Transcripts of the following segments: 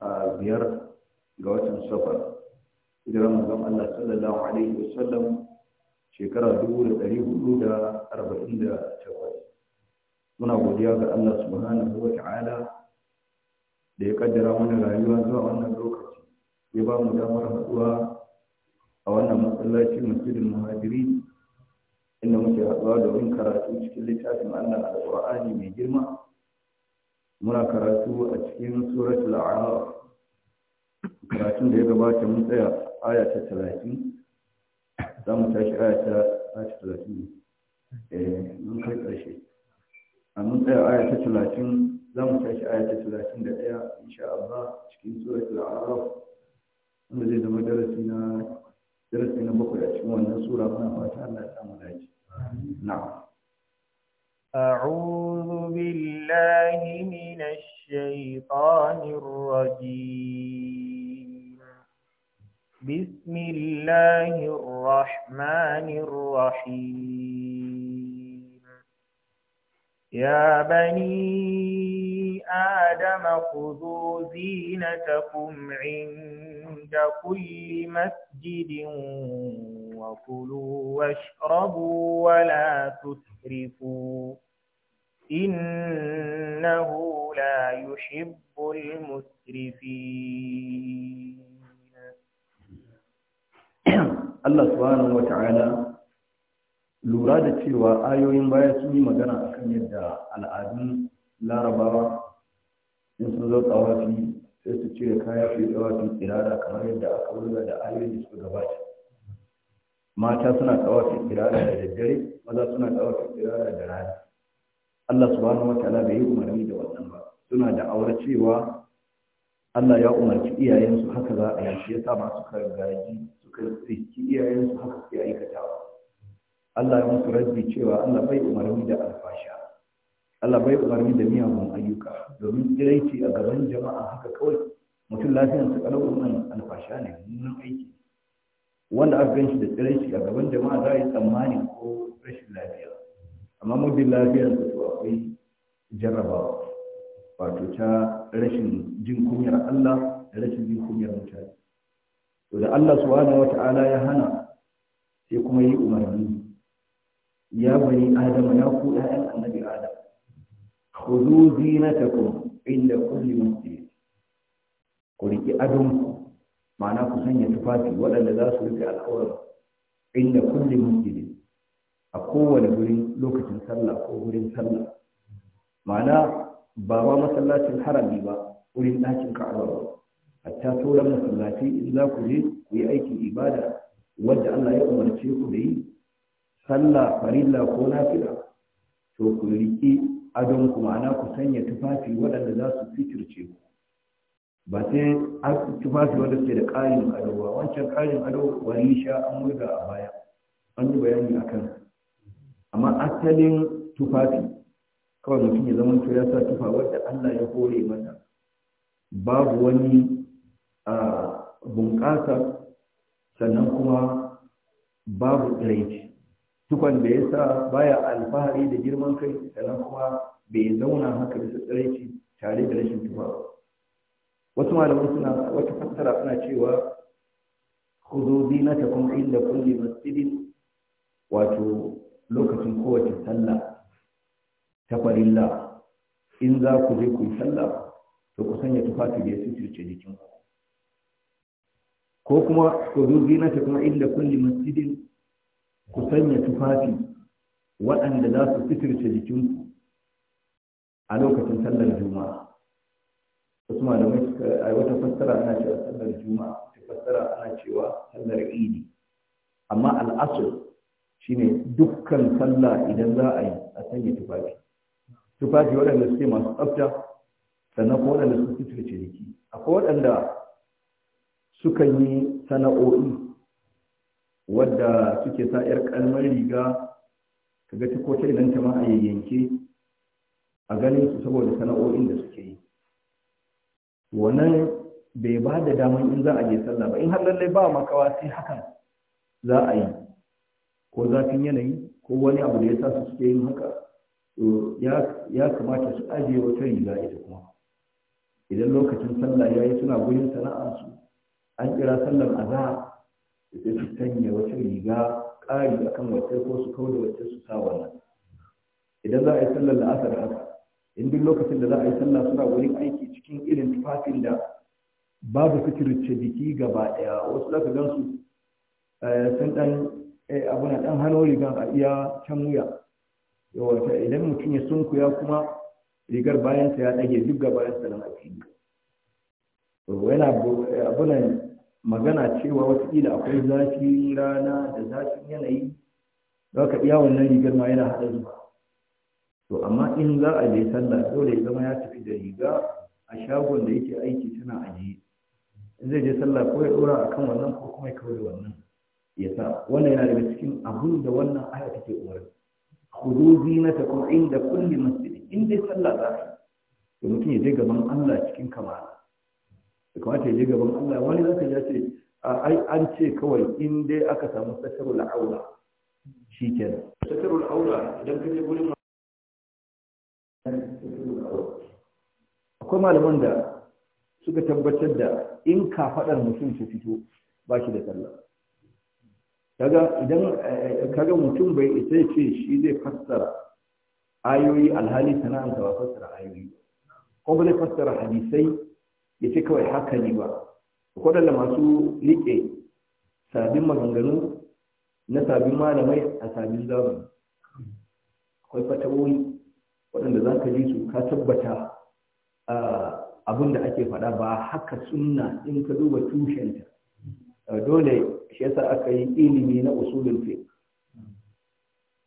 a biyar ga watan safar hijirar manzon Allah sallallahu alaihi wa sallam shekara dubu da ɗari hudu da arba'in da takwas muna godiya ga Allah subhanahu wa ta'ala da ya kaddara mana rayuwa zuwa wannan lokaci ya ba mu damar haɗuwa a wannan masallaci masjidin muhajiri inda muke haɗuwa domin karatu cikin littafin Allah alƙur'ani mai girma muna karatu a cikin suratul a'raf karatun da ya gabata mun tsaya aya ta 30 za mu tashi aya ta 30 eh mun kai karshe a mun tsaya aya ta 30 za mu tashi aya ta 31 insha Allah cikin suratul a'raf wanda zai zama darasi na darasi na bakwai a cikin wannan sura muna fata Allah ya samu dace na'am أعوذ بالله من الشيطان الرجيم بسم الله الرحمن الرحيم يا بني آدم خذوا زينتكم عند كل مسجد وكلوا واشربوا ولا تسرفوا إنه لا يحب المسرفين Allah subhanahu wa ta'ala lura da cewa ayoyin baya sun yi magana akan yadda al'adun larabawa in sun zo tsawafi sai su cire kaya su yi tsawafin tsirara kamar yadda aka wurga da ayoyin da suka gabata mata suna tsawafin tsirara da daddare maza suna tsawafin tsirara da rana Allah subhanahu wataala bai umarni da wannan ba suna da aure cewa Allah ya umarci iyayensu haka za a yashi ya sa masu gaji suka tsiki iyayensu haka suke aikatawa Allah ya musu rabbi cewa Allah bai umarni da alfasha Allah bai umarni da miyagun ayyuka domin tsiraici a gaban jama'a haka kawai mutum lafiyar su kalau wannan alfasha ne mummunan aiki wanda aka gan shi da tsiraici a gaban jama'a za a yi tsammani ko rashin lafiya amma muddin lafiyar su akwai jarrabawa wato ta rashin jin kunyar Allah da rashin jin kunyar mutane to da Allah subhanahu wata'ala ya hana sai kuma yi umarni ya bani adama ya ku ɗayan annabi adam khudu zinatakum inda kulli masjid ku riki adon ku ma'ana ku sanya tufafi waɗanda za su rike al'aura inda kulli masjid a kowane wurin lokacin sallah ko gurin sallah ma'ana ba ma masallacin harami ba wurin ɗakin ka'aba ba ta sauran masallaci in za ku je ku yi aikin ibada wadda Allah ya umarce ku da yi sallah farilla ko nafila to ku riƙi adon ku ma'ana ku sanya tufafi waɗanda za su fitirce ku ba sai tufafi wanda suke da ƙarin ado ba wancan ƙarin ado wani sha an murga a baya an yi bayani a kansa amma asalin tufafi kawai mutum ya zama to ya sa tufa wadda Allah ya hore mata babu wani bunƙasa sannan kuma babu tsiraici tukwan da ya sa baya alfahari da girman kai sannan kuma bai zauna haka bisa tsiraici tare da rashin tufa wasu malamai suna wata fassara suna cewa zinata, kuma inda kulli masjidin wato lokacin kowace sallah ta farilla in za ku je ku yi sallah to ku sanya tufafi da ya suturce jikin ku ko kuma ku zo ta kuma inda kulli masjidin ku sanya tufafi waɗanda za su suturce jikinku a lokacin sallar juma'a wasu malamai a wata fassara ana cewa sallar juma'a wata fassara ana cewa sallar idi amma al'asur shine dukkan sallah idan za a yi a sanya tufafi tufafi waɗanda suke masu tsafta sannan ko waɗanda suke suka ciniki akwai waɗanda suka yi sana'o'i wadda suke sa 'yar kalmar riga kaga ta kotar nan ta ma a yayyanke a ganin su saboda sana'o'in da suke yi wannan bai ba da daman in za a je sallah ba in har lallai ba makawa sai hakan za a yi ko zafin yanayi ko wani abu da ya sa su suke yin haka ya kamata su ajiye wata riga ita kuma idan lokacin sallah ya yi suna gudun sana'arsu an kira sallar za a sai su sanya wata riga ƙari kan wata ko su da wacce su sa wannan idan za a yi sallar la'asar haka in duk lokacin da za a yi sallah suna wurin aiki cikin irin tufafin da babu fitirce jiki gaba ɗaya wasu za ka gan eh, sun ɗan Eh, abu na ɗan hano rigan a iya can wuya yawata idan mutum ya sunkuya kuma rigar bayan ta ya dage duk ga ta na mafi yana eh, na magana cewa watakila akwai zafi rana da zafin yanayi za ka iya wannan rigar ma yana haɗa zuwa to amma in za a je sallah dole ya zama ya tafi da riga a shagon da yake aiki tana ajiye in zai je sallah ko ya ɗora akan wannan ko kuma ya kawai wannan ya sa wannan yana daga cikin abun da wannan aya take umarni khudu zinatakum inda kulli masjid in dai sallah za ka to mutum ya je gaban Allah cikin kamala da kamata ya je gaban Allah wani zaka ya ce ai an ce kawai in dai aka samu satarul aula shikenan satarul aula idan ka je gurin akwai malaman da suka tabbatar da in ka faɗar mutum su fito ba shi da sallah kaga idan eh, kaga mutum bai isa ce shi zai fassara ayoyi alhali sana'ansa ba fassara ayoyi ko ba zai fassara hadisai ya ce kawai haka ne ba waɗanda masu riƙe sabbin maganganu na sabbin malamai a sabbin zamani akwai fatawoyi waɗanda za ka ji su ka tabbata ah, abin da ake faɗa ba haka sunna in ka duba tushenta dole shi yasa aka yi ilimi na usulul fiqh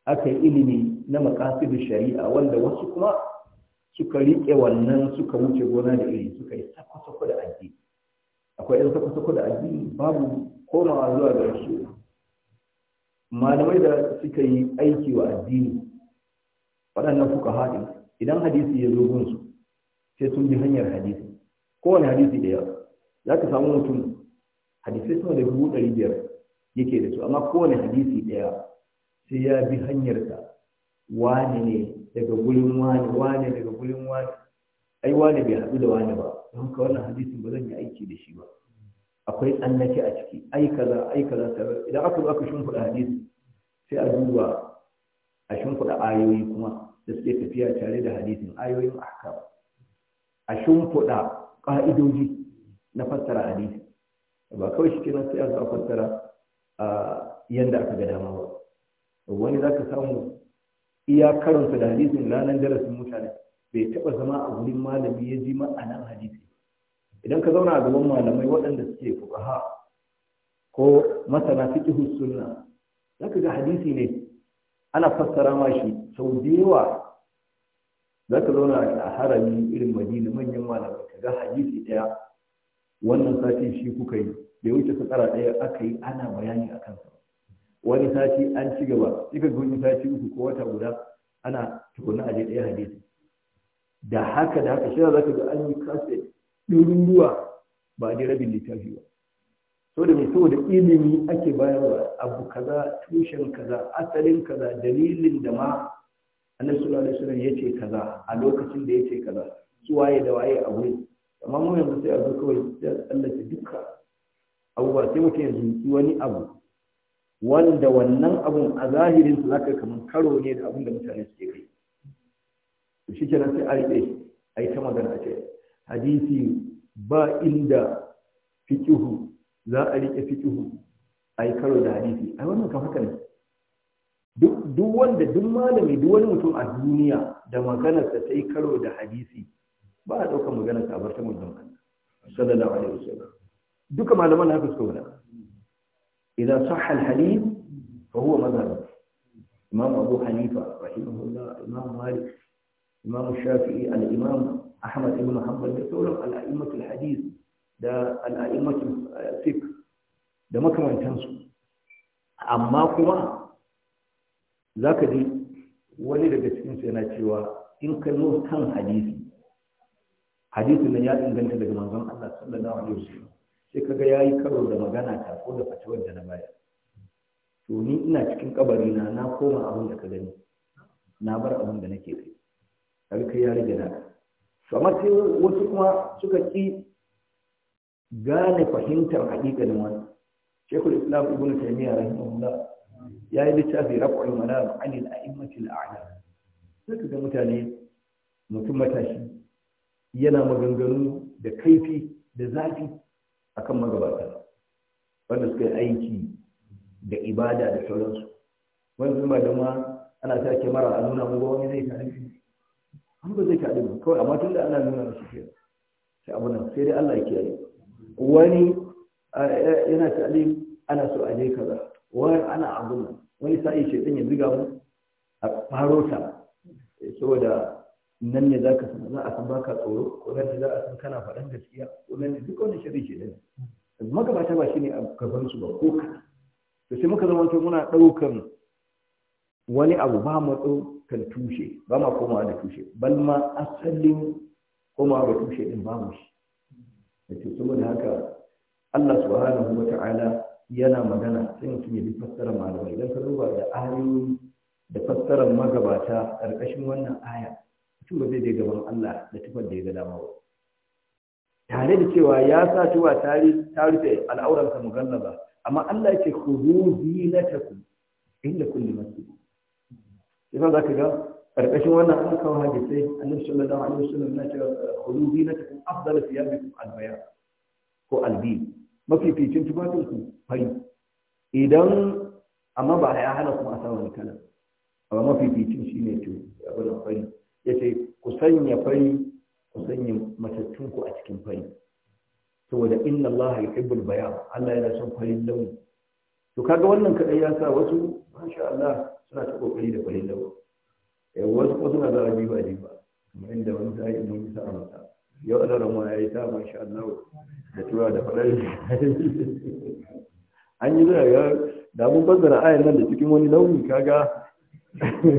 aka yi ilimi na maqasid shari'a wanda wasu kuma suka rike wannan suka wuce gona da iri suka yi sako da addini akwai yan sako da addini babu komawa zuwa ga shi malamai da suka yi aiki wa addini waɗannan fuka haɗin idan hadisi ya zo gunsu sai sun bi hanyar hadisi kowane hadisi da yawa za ka samu mutum hadisai sama da dubu ɗari biyar yake da su amma kowane hadisi ɗaya sai ya bi hanyarsa wane ne daga gurin Wani wane daga gurin wani. ai wane bai haɗu da wane ba don ka wannan hadisin ba zan yi aiki da shi ba akwai tsannaci a ciki ai kaza ai kaza tare idan aka zo aka shimfiɗa hadisi sai a duba a shimfiɗa ayoyi kuma da suke tafiya tare da hadisin ayoyin ahkam a shimfiɗa ƙa'idoji na fassara hadisi ba kawai shi kenan sai a zuwa fassara a yanda aka ga dama ba wani za ka samu iya karanta da hadisin ranar darasin mutane bai taba zama a wurin malami ya ji ma'anar hadisi idan ka zauna a gaban malamai waɗanda suke fuqaha ko masana hussuna, sunna ka ga hadisi ne ana fassara ma shi sau da yawa ka zauna a harami irin Madina manyan malamai ka ga hadisi ɗaya wannan sati shi kuka yi da wuce tsara ɗaya aka yi ana bayani a kansa wani sati an ci gaba kika ga wani sati uku ko wata guda ana tukuna a ɗaya hadisi da haka da haka shi za ka ga an yi kasa ɗurin ruwa ba a rabin littafi ba da mai saboda ilimi ake bayarwa abu kaza tushen kaza asalin kaza dalilin da ma annabi sallallahu alaihi wasallam yace kaza a lokacin da yace kaza su waye da waye a wurin amma mu yanzu sai a zo kawai sai a tsallake duka abubuwa sai mutum ya zuci wani abu wanda wannan abun a zahirin su zaka kamar karo ne da abun da mutane suke kai to shi kenan sai a riƙe a yi ta magana a ce hadisi ba inda fiƙihu, za a riƙe fiƙihu a yi karo da hadisi ai wannan kan haka ne duk wanda duk malami duk wani mutum a duniya da maganarsa ta yi karo da hadisi ba a ɗaukar magana ta bar ta manzon sallallahu alaihi wasallam duka malaman na haka suka wada idan sahha al-hadith fa huwa madhhab imam abu hanifa rahimahullah imam malik imam shafi'i al-imam ahmad ibn hanbal da sauran al-a'immat al-hadith da al-a'immat eh, fiqh da makamantansu amma kuma zaka ji wani daga cikin su yana cewa in ka kallo kan hadisi hadisin nan ya inganta daga manzon Allah sallallahu alaihi wasallam sai kaga yayi karo da magana ta ko da fatawar da na baya. to ni ina cikin kabari na na koma abin da ka gani na bar abin da nake kai kaga kai ya rage na to amma sai wasu kuma suka ki gane fahimtar hakikalin wannan shekul islam ibnu taymiya rahimahullah ya yi littafi rafa'ul manam anil a'immatil a'lam sai ga mutane mutum matashi yana maganganu da kaifi da zafi akan magabata wanda suka yi aiki da ibada da sauransu wani zuma da ma ana ta mara a nuna mugu wani zai tare shi an ba zai tare ba kawai amma tun da ana nuna masu ke sai abu nan sai dai Allah ya kiyaye wani yana tare ana so a je kaza wani ana abu nan wani sa'i shaitan ya ziga mu a farota saboda nan ne za ka san za a san baka tsoro ko nan ne za a san kana faɗan gaskiya ko nan ne duk wani shirin ke dana magabata ba shi ne a gaban su ba ko ka to sai muka zama muna ɗaukan wani abu ba mu ɗaukan tushe ba ma komawa da tushe bal ma asalin komawa da tushe din ba mu shi da ke saboda haka Allah subhanahu wa ta'ala yana magana sai mutum ya bi fassara malamai idan ka duba da ayoyi da fassarar magabata ƙarƙashin wannan aya mutum zai je gaban Allah da tufar da ya ga dama tare da cewa ya sa tuwa ta rufe al'auransa mugallaba amma Allah ce ku yake khudu zinatakum inda kulli masjid za ka ga Ƙarƙashin wannan an kawo hadisai annabi sallallahu alaihi wasallam na cewa khudu zinatakum afdal thiyabikum al-bayan ko albi mafificin tufafin ku fari idan amma ba ya hana kuma a sa wani kala amma mafificin shine to abin fari yace ku sanya fari ku sanya matattun ku a cikin fari saboda inna Allah yuhibbul bayan Allah yana son farin launi to kaga wannan kadai ya sa wasu masha Allah suna ta kokari da farin launi eh wasu ko suna da jiba ajiba kamar inda wani sai mun yi sa'a mata yau da ramu yi ta masha Allah da tura da farin an yi zai ga da mun bazara ayan nan da cikin wani launi kaga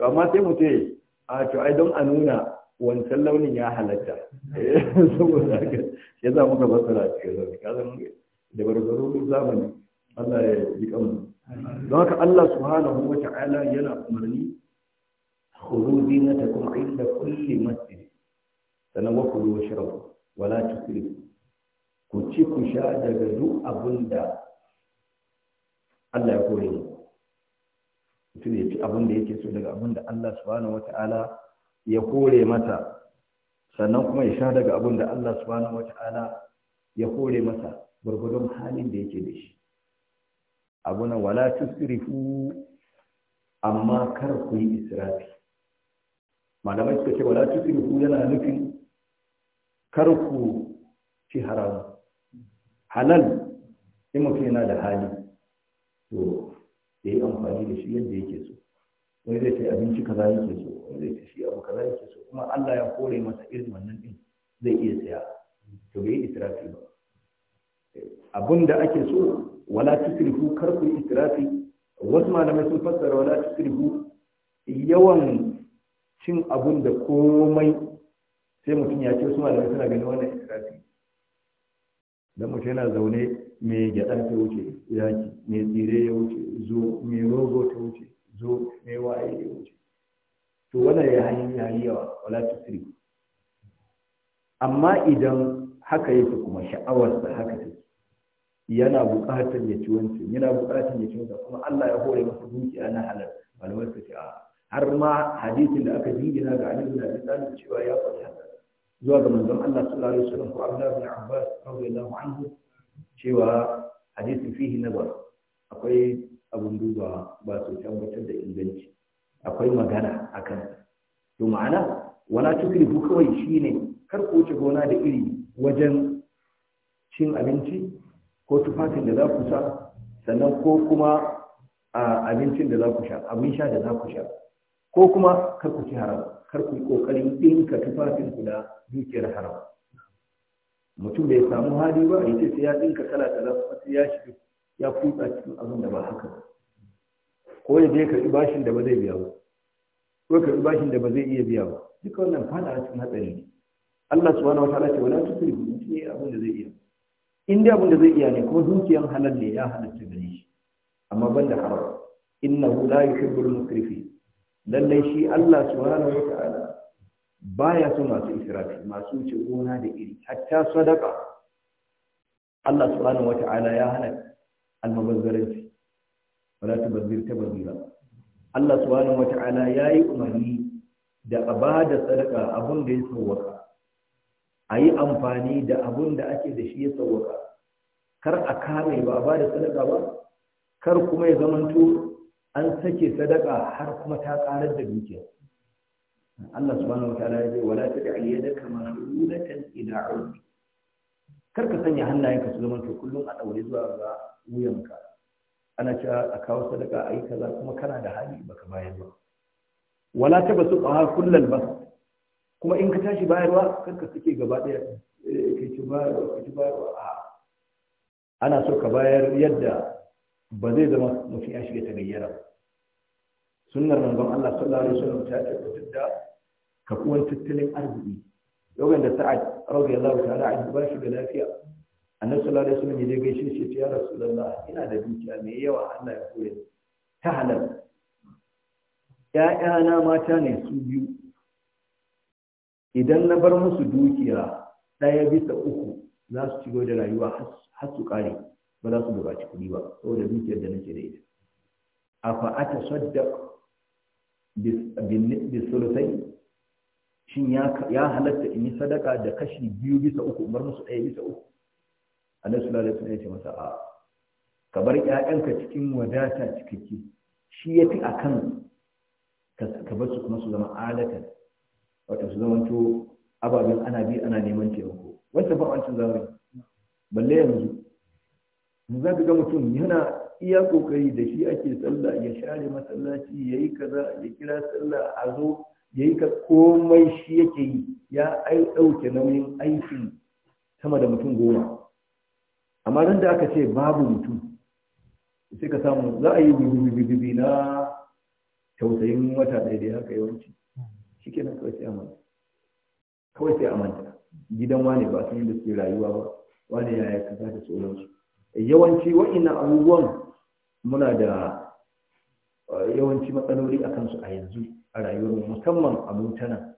amma sai mu ce a to ai don a nuna wancan launin ya halatta eh, saboda haka ya za muka basara cikin rauni ka zan da barbaru zamani Allah ya ji kanmu don haka Allah subhanahu wa ta'ala yana umarni khudhu zinatakum inda kulli masjid sanan wa kulu washrabu wala tusrifu ku ci ku sha daga duk abinda Allah ya koyi mu mutum ya ci abin da yake so daga abin da Allah subhanahu wata'ala ya kore mata, sannan kuma ya sha daga abin da Allah subhanahu wata'ala ya kore mata, gwargwadon halin da yake da shi abu na wala tusrifu amma kar ku yi israfi malamai suka ce wala tusrifu yana nufin kar ku ci haramu halal in mutum yana da hali to ya yi amfani da shi yadda yake so wani zai ce abinci kaza yake so wani zai ce shi abu kaza yake so kuma Allah ya kore masa irin wannan din zai iya saya to bai yi israfi ba abin da ake so wala tusrifu kar ku israfi wasu malamai sun fassara wala tusrifu yawan cin abun da komai sai mutum ya ce su malamai suna ganin wannan israfi da mutum yana zaune mai gyaɗa ta wuce yaki mai tsire ya wuce zo mai rogo ta wuce zo mai waye ya wuce to wanda ya yi ya yi yawa wala amma idan haka yake kuma sha'awarsa haka ta yana buƙatar ya ci wance yana buƙatar ya ci wance kuma Allah ya hore masa dukiya na halal malamai suka ce a har ma hadisin da aka jingina ga Ali ibn cewa ya faɗi haka zuwa ga manzon Allah sallallahu alaihi wasallam ko Abdullah bin Abbas radiyallahu anhu cewa hadisi fihi nazar akwai abun duba ba su tabbatar da inganci akwai magana akan to ma'ana wala tukrihu kawai shine kar ku wuce gona da iri wajen cin abinci ko tufafin da za ku sa sannan ko kuma abincin da za ku sha abin sha da za ku sha ko kuma kar ku ci haram kar ku yi kokarin ɗinka tufafin ku da dukiyar haram mutum bai samu hali ba a ce sai ya ɗinka kala kala sai ya shi ya kutsa cikin abin da ba haka ko ya je karbi bashin da ba zai biya ba ko karbi bashin da ba zai iya biya ba duka wannan fada cikin hatsari ne Allah subhanahu wataala ce wala tusrifu mutum ne abin da zai iya in dai abin da zai iya ne kuma dukiyan halal ne ya halatta gare shi amma ban da haram innahu la yuhibbul musrifin lallai shi Allah subhanahu ta'ala baya so masu israfi masu wuce gona da iri hatta sadaka Allah subhanahu ta'ala ya hana almubazzaranci wala tubazzir tabazzira Allah subhanahu ya yayi umarni da a ba da sadaka abun da ya sauwaka a yi amfani da abun da ake da shi ya sauwaka kar a kame ba a ba da sadaka ba kar kuma ya zamanto an sake sadaka har kuma ta karar da dukiya Allah subhanahu wa ta'ala ya ce wala tad'i yadaka maghlulatan ila 'unuq kar ka sanya hannayenka su zaman to kullum a daure zuwa ga wuyanka ana cewa a kawo sadaka a kaza kuma kana da hali baka bayar ba wala tabasu qaha kullal bas kuma in ka tashi bayarwa kar ka sake gaba daya eh, kai ci bayarwa kai ci bayarwa ana so ka bayar yadda ba zai zama mutum ya shiga tagayyara sunnar manzon Allah sallallahu alaihi wasallam ta tabbatar da kafuwar tattalin arziki yau da sa'ad radiyallahu ta'ala anhu ba shi da lafiya annabi sallallahu alaihi wasallam ya je gaishe shi ya rasulullah ina da dukiya mai yawa Allah ya koya ta halal ‘ya'yana mata ne su biyu, idan na bar musu dukiya ɗaya bisa uku za su ci da rayuwa har su ƙare. ba za su buƙaci kuɗi ba saboda dukiyar da nake da ita afa ata saddaq bi shin ya halatta in yi sadaka da kashi biyu bisa uku bar musu ɗaya bisa uku annabi sallallahu alaihi wasallam ya ce masa a ka bar ƴaƴanka cikin wadata cikakke shi ya fi akan ka bar su kuma su zama alatan wato su zama to ababen ana bi ana neman taimako wancan ba wancan zamani balle yanzu za ka ga mutum yana iya kokari da shi ake sallah ya share masallaci ya yi kaza ya kira sallah a zo ya yi ka komai shi yake yi ya ɗauke nauyin aikin sama da mutum goma amma nan da aka ce babu mutum sai ka samu za a yi bibibibi na tausayin wata ɗaya da haka yawanci shi kenan kawai sai amanta kawai sai amanta gidan wane ba sun yi da suke rayuwa ba wane yaya kaza da su yawanci wa'innan abubuwan muna da eh, yawanci matsaloli a kansu a yanzu a rayuwarmu, musamman a mutanen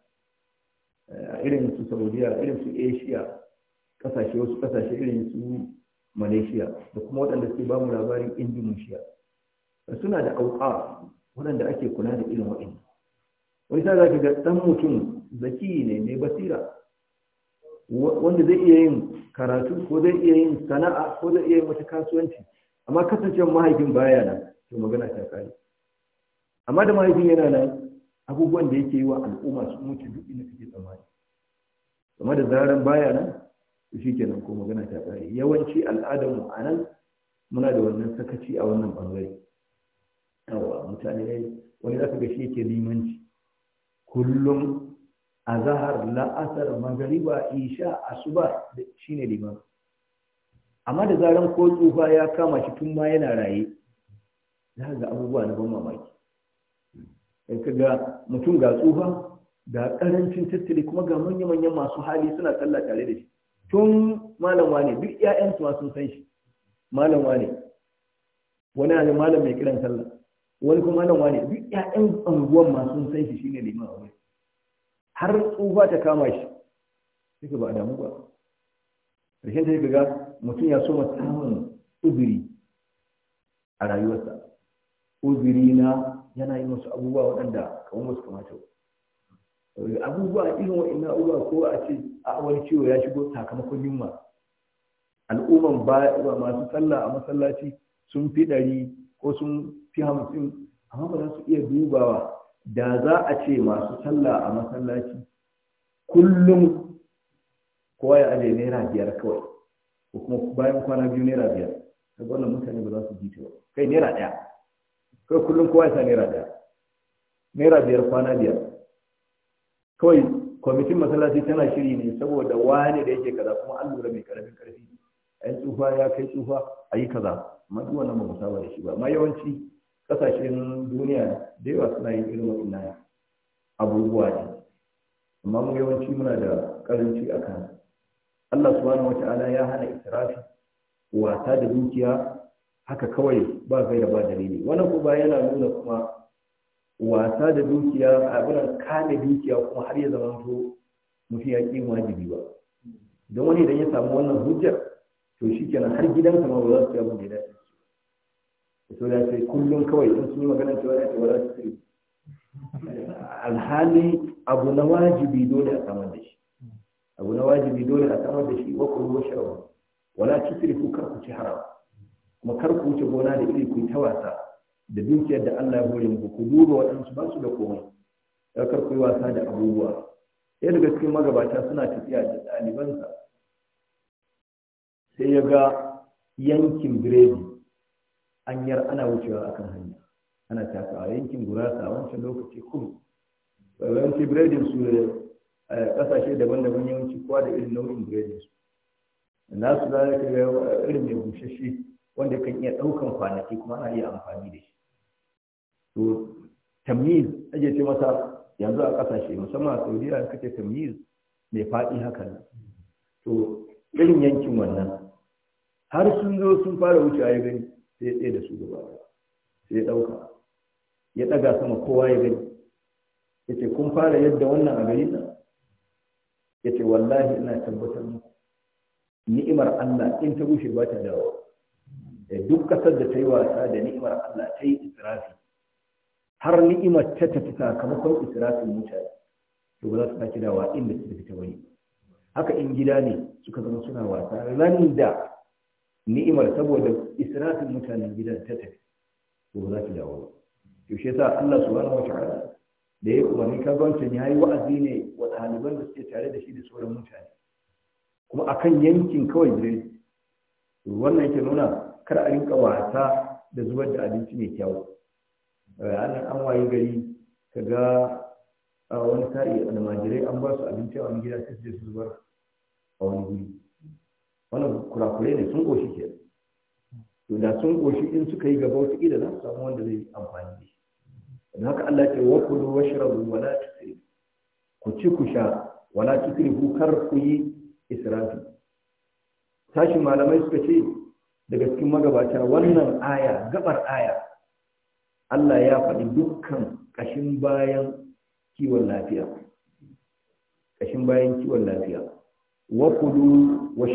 eh, a irin su saudiya irin su asia kasashe wasu kasashe irin su malaysia da kuma waɗanda suke bamu labarin indonesia suna da auka waɗanda ake kula da irin wa'in wani sa za ka ga ɗan mutum zaki ne mai basira wanda zai iya yin karatu ko zai iya yin sana'a ko zai iya yin wata kasuwanci amma kasancewar mahaifin baya nan to magana ta kare amma da mahaifin yana nan abubuwan da yake yi wa al'umma su mutu duk inda kake tsammani amma da zaran baya nan to shi kenan ko magana ta kare yawanci al'adarmu a nan muna da wannan sakaci a wannan bangare yawa mutane wani zaka ga shi yake limanci kullum azahar la'asar magariba isha asuba shine liman amma da zaran ko tsufa ya kama shi tun ma yana raye za ga abubuwa na ban mamaki in ka ga mutum ga tsufa ga karancin tattali kuma ga manya-manyan masu hali suna sallah tare da shi tun malam wane duk ƴaƴan su sun san shi malam wane wani ne malam mai kiran sallah wani kuma malam wane duk 'ya'yan anguwan ma sun san shi shine liman a har tsufa ta kama shi sai ba a damu ba rikin ta ga mutum ya soma samun uziri a rayuwarsa Uziri na yana yi masu abubuwa waɗanda kawo masu kamata abubuwa irin na abubuwa ko a ce a awar ciwo ya shigo sakamakon yunwa al'umman ba masu sallah a masallaci sun fi ɗari ko sun fi hamsin amma ba za su iya dubawa da za a ce masu sallah a masallaci kullum kowa ya aje naira biyar kawai ko kuma bayan kwana biyu naira biyar ta wannan mutane ba za su ji ba kai naira ɗaya kai kullum kowa ya sa naira ɗaya naira biyar kwana biyar kawai kwamitin masallaci tana shiri ne saboda wani da yake kaza kuma an lura mai karamin karfi yi tsufa ya kai tsufa a yi kaza amma duk wannan ba mu saba da shi ba amma yawanci kasashen duniya da yawa suna yin irin waɗannan abubuwa ne amma mu yawanci muna da karanci a kan Allah subhanahu wata'ala ya hana israfi wata da dukiya haka kawai ba kai da ba dalili wannan ko ba yana nuna kuma wasa da dukiya a wurin kame dukiya kuma har ya zama to mutum ya ƙi wajibi ba don wani idan ya samu wannan hujjar to shi kenan har gidansa ma ba za su yi abin da ya to da sai kullum kawai in sun yi magana cewa ya ce ba su alhali abu na wajibi dole a samar da shi abu na wajibi dole a samar da shi wa kuma sha'awa wala tusrifu kar ku ci haram kuma kar ku wuce gona da iri ku ta wasa da dukiyar da Allah ya hore muku ku duba waɗansu ba su da komai kar ku yi wasa da abubuwa ɗaya daga cikin magabata suna tafiya da ɗalibansa sai ya ga yankin biredi hanyar ana wucewa akan hanya ana a yankin gurasa a wancan lokaci kudu yawanci biredin su da eh, kasashe daban-daban yawanci kowa da irin nau'in biredin su na su za ka ga irin mai bushashe wanda kan iya ɗaukan kwanaki kuma ana iya amfani da shi to tamyiz ake ce masa yanzu a kasashe musamman a saudiya ce tamyiz mai faɗi haka to irin yankin wannan har sun zo sun fara wuce a gani sai tsaye da su gaba sai ɗauka ya ɗaga sama kowa ya gani ya ce kun fara yadda wannan a gari na ya ce wallahi ina tabbatar muku ni'imar Allah in ta rushe ba ta dawo eh, duk kasar da ta yi wasa da ni'imar Allah ta yi israfi har ni'imar ta tafi sakamakon israfin mutane to ba za su sake dawa inda su tafi ta wani haka in gida ne suka zama suna wasa ran da ni'imar saboda israfin mutanen gidan ta tafi to ba za ki dawo ba to shi yasa Allah subhanahu wataala da ya umarni ka gwancin ya yi wa'azi ne wa ɗaliban da suke tare da shi da sauran mutane kuma akan yankin kawai gire wannan yake nuna kar a rinka wasa da zubar da abinci mai kyau ranar eh, an wayi gari ka ga ah, wani sa'i almajirai an ba su abinci a wani gida sai su zubar a wani guri wannan kurakurai ne sun koshi ke to da sun koshi in suka yi gaba wata ƙila za su samu wanda zai amfani da shi don haka Allah ke wa kulu wa shrabu wa la tusrifu ku ci ku sha wa la ku kar ku yi israfi tashi malamai suka ce daga cikin magabata wannan aya gabar aya Allah ya faɗi dukkan ƙashin bayan kiwon lafiya ƙashin bayan kiwon lafiya wa kulu wa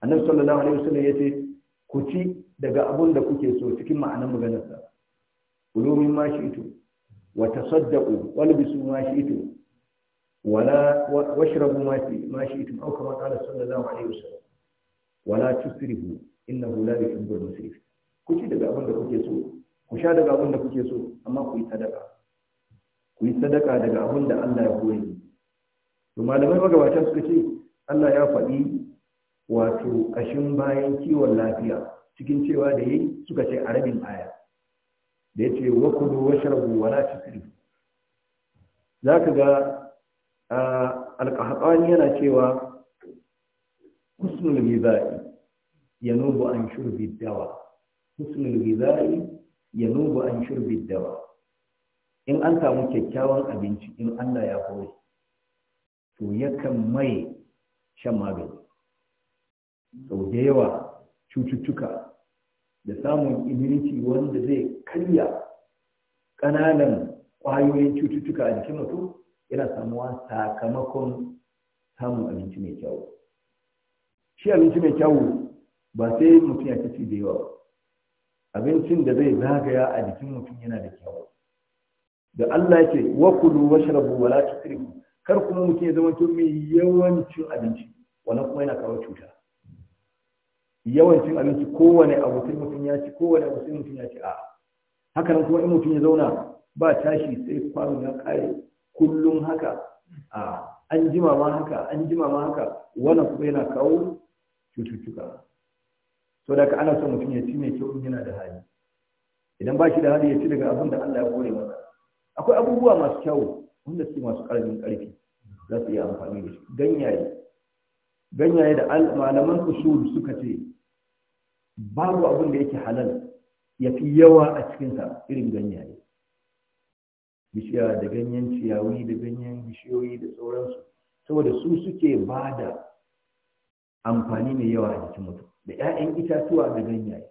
annabi sallallahu alaihi wasallam yace ku ci daga abun da kuke so cikin ma'anar maganar sa kulu min ma shi shi'tu wa tasaddaqu wa labisu ma shi'tu wala washrabu ma ma shi'tu aw kama qala sallallahu alaihi wasallam wala tusrifu innahu la al musrif ku ci daga abun da kuke so ku sha daga abun da kuke so amma ku yi sadaka ku yi sadaka daga abun da Allah ya koyi to malamai magabatan suka ce Allah ya faɗi wato ƙashin bayan kiwon lafiya cikin cewa da yi suka ce a rabin aya da ya ce wa kudu wa sharbu wa la za ka ga alƙahaƙani yana cewa husnul gizai ya nubu an shurbi dawa husnul ya nubu an shurbi dawa in an samu kyakkyawan abinci in Allah ya hore to yakan mai shan magani sau da yawa cututtuka da samun immunity wanda zai karya ƙananan ƙwayoyin cututtuka a jikin mutum yana samuwa sakamakon samun abinci mai kyau shi abinci mai kyau ba sai mutum ya ci da yawa abincin da zai zagaya a jikin mutum yana da kyau da Allah yake wa kulu washrabu wala tusrifu kar kuma mutum ya zama to mai yawancin abinci wannan kuma yana kawo cuta yawancin abinci kowane abu sai mutum ya ci kowane abu sai mutum ya ci a haka nan kuma in mutum ya zauna ba tashi sai kwano ya kare kullum haka a an jima ma haka an jima ma haka wani kuma yana kawo cututtuka so da ka ana son mutum ya ci mai kyau in yana da hali idan ba shi da hali ya ci daga abin da Allah ya kore masa akwai abubuwa masu kyau wanda su masu ƙarfin ƙarfi za su iya amfani da shi ganyaye ganyaye da malaman usul suka ce babu abin da yake halal ya fi yawa a cikinsa irin ganyaye bishiya da ganyen ciyawi da ganyen bishiyoyi da sauransu saboda su suke ba da amfani mai yawa a jikin mutum da 'ya'yan itatuwa da ganyaye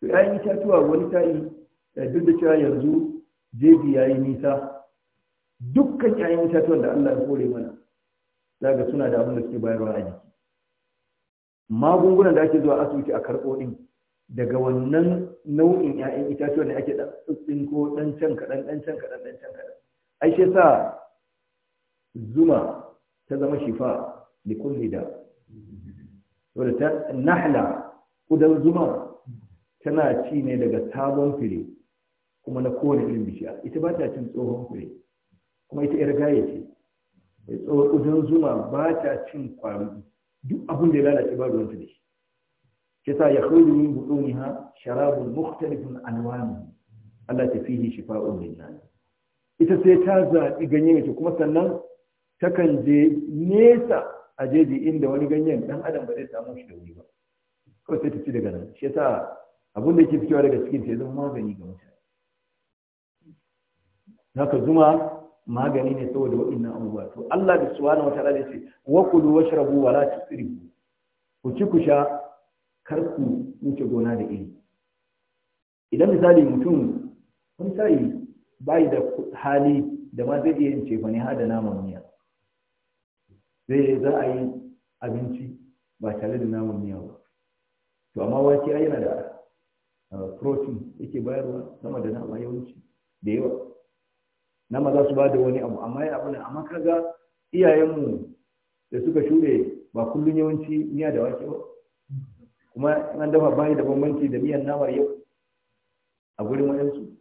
to 'ya'yan itatuwa wani ta'i eh, duk da cewa yanzu jeji ya yi nisa dukkan 'ya'yan itatuwan da allah ya kore mana za suna da abin da suke bayarwa a jiki magungunan da ake zuwa asibiti a karɓo ɗin daga wannan nau'in 'ya'yan itatuwa ne ake ɗan ko ɗan can kaɗan ɗan can kaɗan ɗan can kaɗan ai shi sa zuma ta zama shifa li kulli da saboda ta nahla kudan zuma tana ci ne daga sabon fure kuma na kowane irin bishiya ita ba ta cin tsohon fure kuma ita 'yar gaya ce tsohon zuma ba ta cin kwari duk abin da ya lalace ba ruwan da shi sa ya buɗo ne ha sharabun muktalifin alwani Allah ta fihi shifa'un linnas ita sai ta zaɓi ganye mai kuma sannan takan je nesa a jeji inda wani ganyen dan adam ba zai samu shi da wuri ba kawai sai ta ci daga nan shi yasa abin da yake fitowa daga cikin sai ya zama magani ga mutane haka zuma magani ne saboda waɗannan abubuwa to Allah da suwana wata ya ce wa kulu wa wala tusrifu ku ci ku sha kar ku wuce gona da iri idan misali mutum wani sai bai da hali da ma zai iya yin ce bane hada naman miya sai za a yi abinci ba tare da naman miya ba to amma wake a yana da uh, protein yake bayarwa sama da nama yawanci da yawa na za su ba da wani abu amma ya abu amma kaga iyayenmu da suka shure ba kullum yawanci miya da wake ba kuma an dafa bayi da bambanci da miyan namar yau a gurin wayansu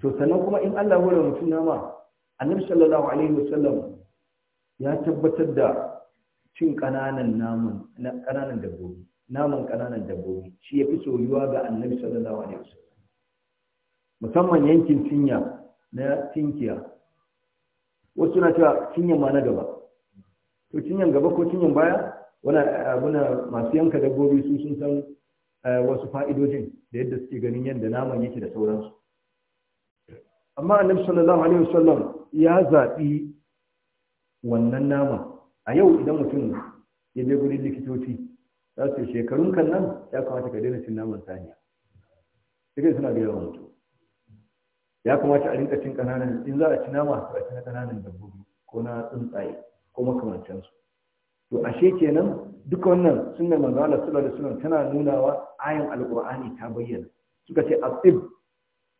to sannan kuma in Allah hore mutum nama annabi sallallahu alaihi wasallam ya tabbatar da cin kananan naman kananan dabbobi naman kananan dabbobi shi yafi soyuwa ga annabi sallallahu alaihi wasallam musamman yankin cinya na tinkiya wasu suna cewa cinyan ma na gaba to cinyan gaba ko cinyan baya wani abuna masu yanka dabbobi su sun san eh, wasu fa'idojin da yadda suke ganin yadda naman yake da sauransu amma annabi sallallahu alaihi wasallam ya zaɓi wannan nama a yau idan mutum ya je gurin likitoci za su shekarun kan nan ya kamata ka daina cin naman saniya sai suna da wa mutum ya kamata a rinka cin kananan in za a ci nama a cin na kananan dabbobi ko na tsuntsaye ko makamancinsu. to ashe kenan duk wannan sunnar manzo Allah sallallahu alaihi tana nunawa ayan alqur'ani ta bayyana suka ce asib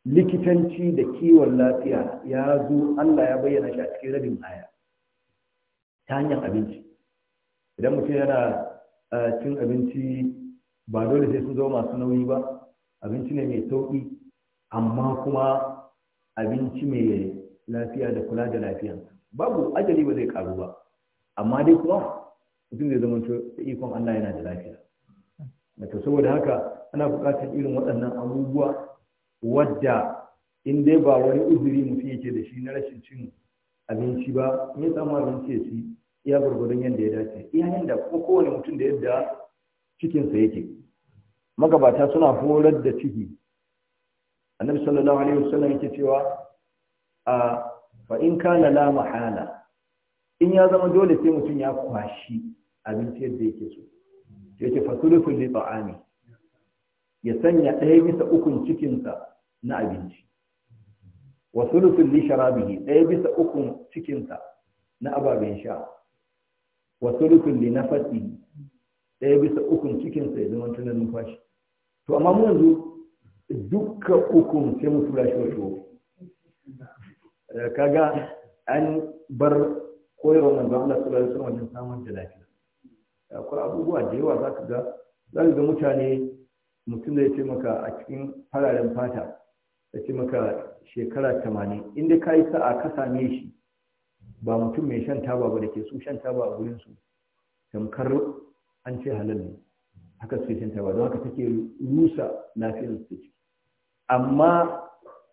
likitanci da kiwon lafiya ya zo Allah ya bayyana shi a cikin rabin aya ta hanyar abinci idan mutum yana eh, cin abinci ba dole sai sun zo masu nauyi ba abinci ne mai sauƙi amma kuma abinci mai lafiya da kula da lafiya babu ajali ba zai karu ba amma dai kuma mutum zai zama da ikon Allah yana da lafiya wato saboda haka ana buƙatar irin waɗannan abubuwa wadda in dai ba wani uzuri mutum yake da shi na rashin cin abinci ba in ya samu abinci ya ci iya gwargwadon yadda ya dace iya yadda kuma kowane mutum da yadda cikinsa yake magabata suna horar da ciki annabi sallallahu alaihi wasallam yake cewa a fa in kana la mahala in ya zama dole sai mutum ya kwashi abinci yadda yake so yake fa sulufu ta'ami ya sanya ɗaya bisa ukun cikinsa na abinci wa sulutu li sharabihi ɗaya bisa ukun cikinsa na ababen sha wa sulutu li nafasi ɗaya bisa ukun cikinsa ya zama tunanin numfashi to amma mu yanzu dukka ukun sai mu tura shi eh, kaga an bar koyarwa na Allah sallallahu tsirrai sun wajen samun da lafiya akwai abubuwa da yawa za ka ga zaka ga mutane mutum da ya ce maka a cikin fararen fata ya ce maka shekara tamanin, inda ka yi sa'a ka same shi ba mutum mai shan taba ba da ke su shan taba a gurin su tamkar an ce halal ne haka suke shan taba don haka take rusa lafiyar su ciki amma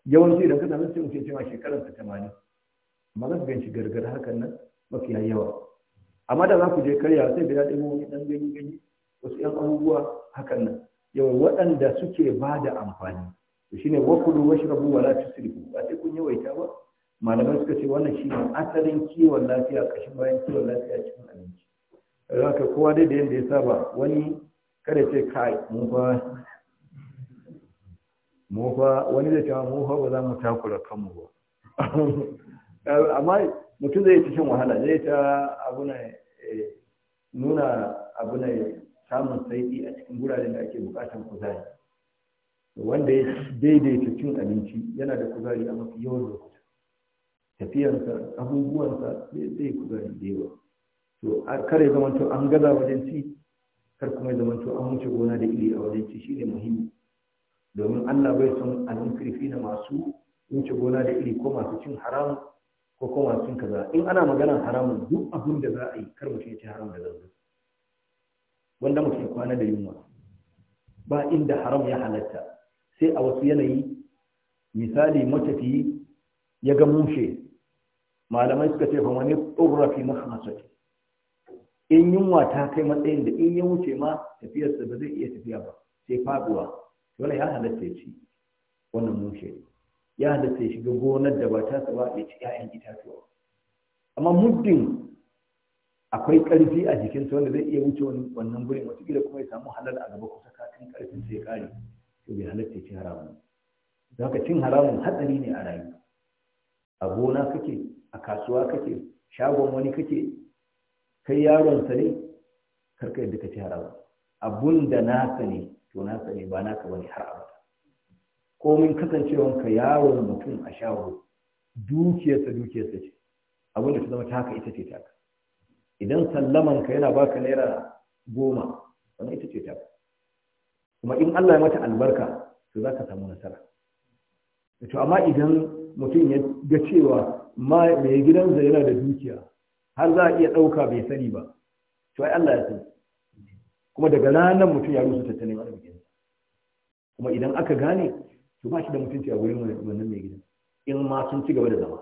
yawanci da kada sun ce cewa shekarar ta tamanin amma za su ganci gargara hakan nan mafiya yawa amma da za ku je karya sai da ya ɗaya wani ɗan gani gani wasu ‘yan abubuwa hakan nan yawa waɗanda suke ba da amfani to shine wakulu na wala tusrifu ba sai kun yawaita ba malamai suka ce wannan shine asalin kiwon lafiya kashin bayan kiwon lafiya cikin abinci haka kowa dai da yadda ya saba wani kada ce kai mun fa Mofa wani zai cewa ah, mofa ba za mu takura kanmu ba amma mutum zai ci shan wahala zai ta abuna eh, nuna abu na samun saiti a cikin guraren da ake bukatan kuzari wanda ya daidaita cin abinci yana da kuzari a mafi yawan lokuta tafiyarsa abubuwansa zai kuzari da yawa to kare to an gaza wajen ci kar kuma ya zamanto an wuce gona da iri a wajen ci shine muhimmi domin Allah bai son al-musrifi na masu wuce gona da iri ko masu cin haram ko ko masu cin kaza in ana magana haramun duk abin da za a yi kar mutum ya ci haram da zarzu wanda mutum ya kwana da yunwa ba inda haram ya halatta sai a wasu yanayi misali matafiyi ya ga mushe malamai suka ce kuma ne tsurra fi in yunwa ta kai matsayin da in ya wuce ma tafiyarsa ba zai iya tafiya ba sai faduwa Dole ya halatta ya wannan mushe ya halatta ya shiga gonar da ba ta ba ya ci 'ya'yan itatuwa amma muddin akwai ƙarfi a jikinsa wanda zai iya wuce wannan gurin gida kuma ya samu halal a gaba kusa kafin ƙarfin sai ya kare to bai halatta shi haramun don haka cin haramun hatsari ne a rayu a gona kake a kasuwa kake shagon wani kake kai yaron sa ne karka yadda ka ci haramun abun da nasa ne to na sani ba naka bane har abada komin kasancewanka yawon mutum a shago dukiyarsa dukiyarsa ce abinda ta zama ta haka ita ce taka idan sallamanka yana baka naira goma wannan ita ce taka kuma in Allah ya mata albarka to za ka samu nasara to amma idan mutum ya ga cewa mai gidansa yana da dukiya har za a iya ɗauka bai sani ba to ai Allah ya sani kuma daga nan mutum ya rusa tattalin arzikin kuma idan aka gane to ba shi da mutunci a wurin wannan mai gidan in ma sun ci gaba da zama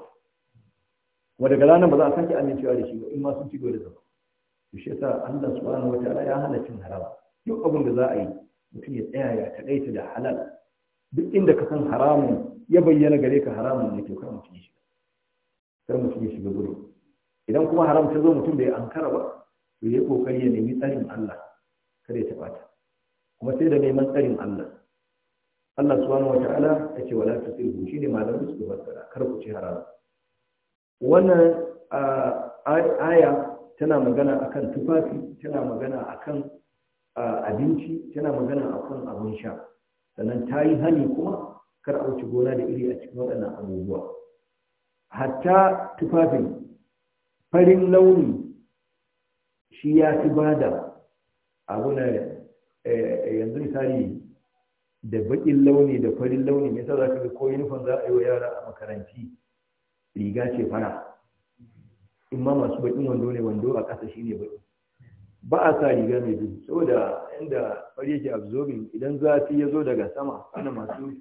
kuma daga ranar ba za a sake amincewa da shi ba in ma sun ci gaba da zama to shi yasa Allah subhanahu wataala ya hana cin harama duk abin da za a yi mutum ya tsaya ya taƙaita da halal duk inda ka san haramun ya bayyana gare ka haramun ne to kar mutum ya shiga kar mutum ya shiga gudu idan kuma haram ta zo mutum bai ankara ba to ya kokari ya nemi tsarin Allah kare ta bata kuma sai da neman tsarin Allah Allah subhanahu wa ta'ala ya ce wala tusiru ne malamin su fassara kar ku ci haram wannan aya tana magana akan tufafi tana magana akan abinci tana magana akan abin sha sannan ta yi hani kuma kar a wuce gona da iri a cikin waɗannan abubuwa hatta tufafin farin launi shi ya fi bada abuna eh, eh, yanzu misali da baƙin launi da farin launi ne sa za ga ko uniform za a yi wa yara a makaranti riga ce fara in ma masu baƙin wando ne wando a ƙasa shi ne baƙi ba a sa riga mai duhu saboda inda fari yake absorbing idan zafi ya zo daga sama ana masu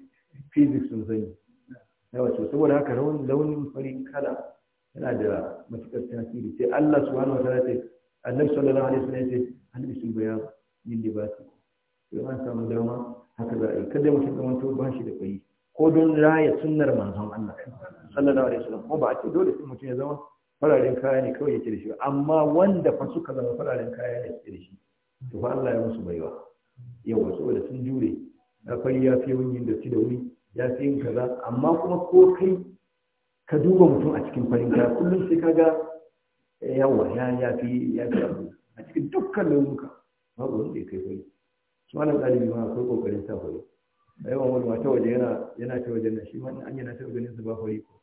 physics sun sani na wato saboda haka launin farin kala yana da matuƙar tasiri sai Allah subhanahu wa ta'ala ce annabi sallallahu alaihi wasallam ce hal isul bayan yin libasi to an samu dama haka za a yi kada mutum kamar to ba shi da kwayi ko don raya sunnar manzon Allah sallallahu alaihi wasallam ko ba a ce dole sai mutum ya zama fararen kaya ne kawai yake da shi amma wanda fa suka zama fararen kaya ne yake da shi to fa Allah ya musu baiwa yawa saboda sun jure fari ya fi yin da da wuri ya fi yin kaza amma kuma ko kai ka duba mutum a cikin farin kaya kullum sai ga eh, yawa ya ya fi ya fi abu a cikin dukkan launuka babu wanda ya kai kai. su wannan ɗalibi ma akwai ƙoƙarin sa fari a yawan wani wata ta waje yana ta wajen nan shi ma an yana ta wajen su ba fari ko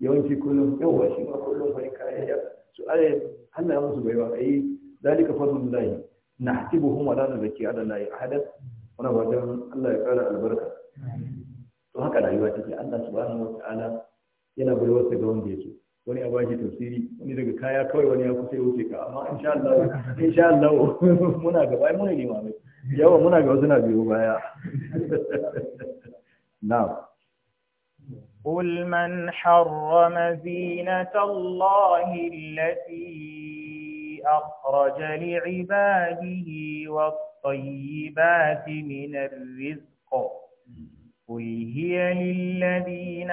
yawanci kullum yawa shi ma kullum fari kayan ya su ala Allah ya musu baiwa A ai zalika fadlullahi nahtibuhum wa la zaki ala a hadar wani wajen Allah ya ƙara albarka to haka rayuwa take Allah subhanahu wa ta'ala yana baiwa wasu ga wanda ya yake wani abaji tafsiri wani daga kaya kawai wani ya kusa ya wuce ka amma insha Allah insha Allah muna ga bai muna ne mamai yawa muna ga wasu na biyo baya na'am قل من حرم زينة الله التي أخرج لعباده والطيبات من الرزق قل هي للذين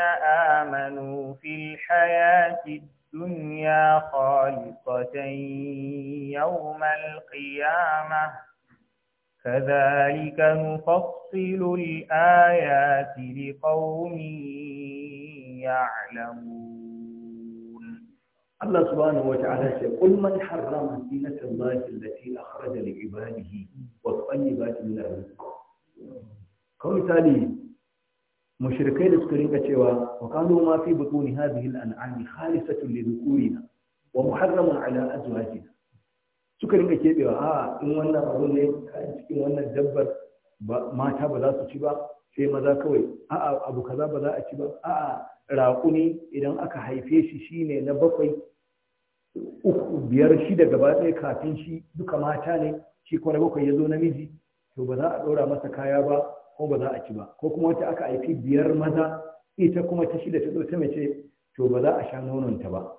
آمنوا في الحياة الدنيا خالصة يوم القيامة كذلك نفصل الآيات لقوم يعلمون الله سبحانه وتعالى قل من حرم زينة الله التي أخرج لعباده والطيبات من الرزق كمثالي mushrikai da suka rinka cewa wa kanu ma fi butuni hadhihi al-an'ami khalisatun li dhukurina wa muharraman ala azwajina suka rinka kebewa a in wannan abun ne cikin wannan dabbar mata ba za su ci ba sai maza kawai a'a abu kaza ba za a ci ba a'a raƙuni idan aka haife shi shine na bakwai uku biyar shida gaba ɗaya kafin shi duka mata ne shi kuma na bakwai ya zo namiji to ba za a ɗora masa kaya ba ko ba za a ci ba ko kuma wata aka aiki biyar maza ita kuma ta shida ta zo mace to ba za a sha nononta ba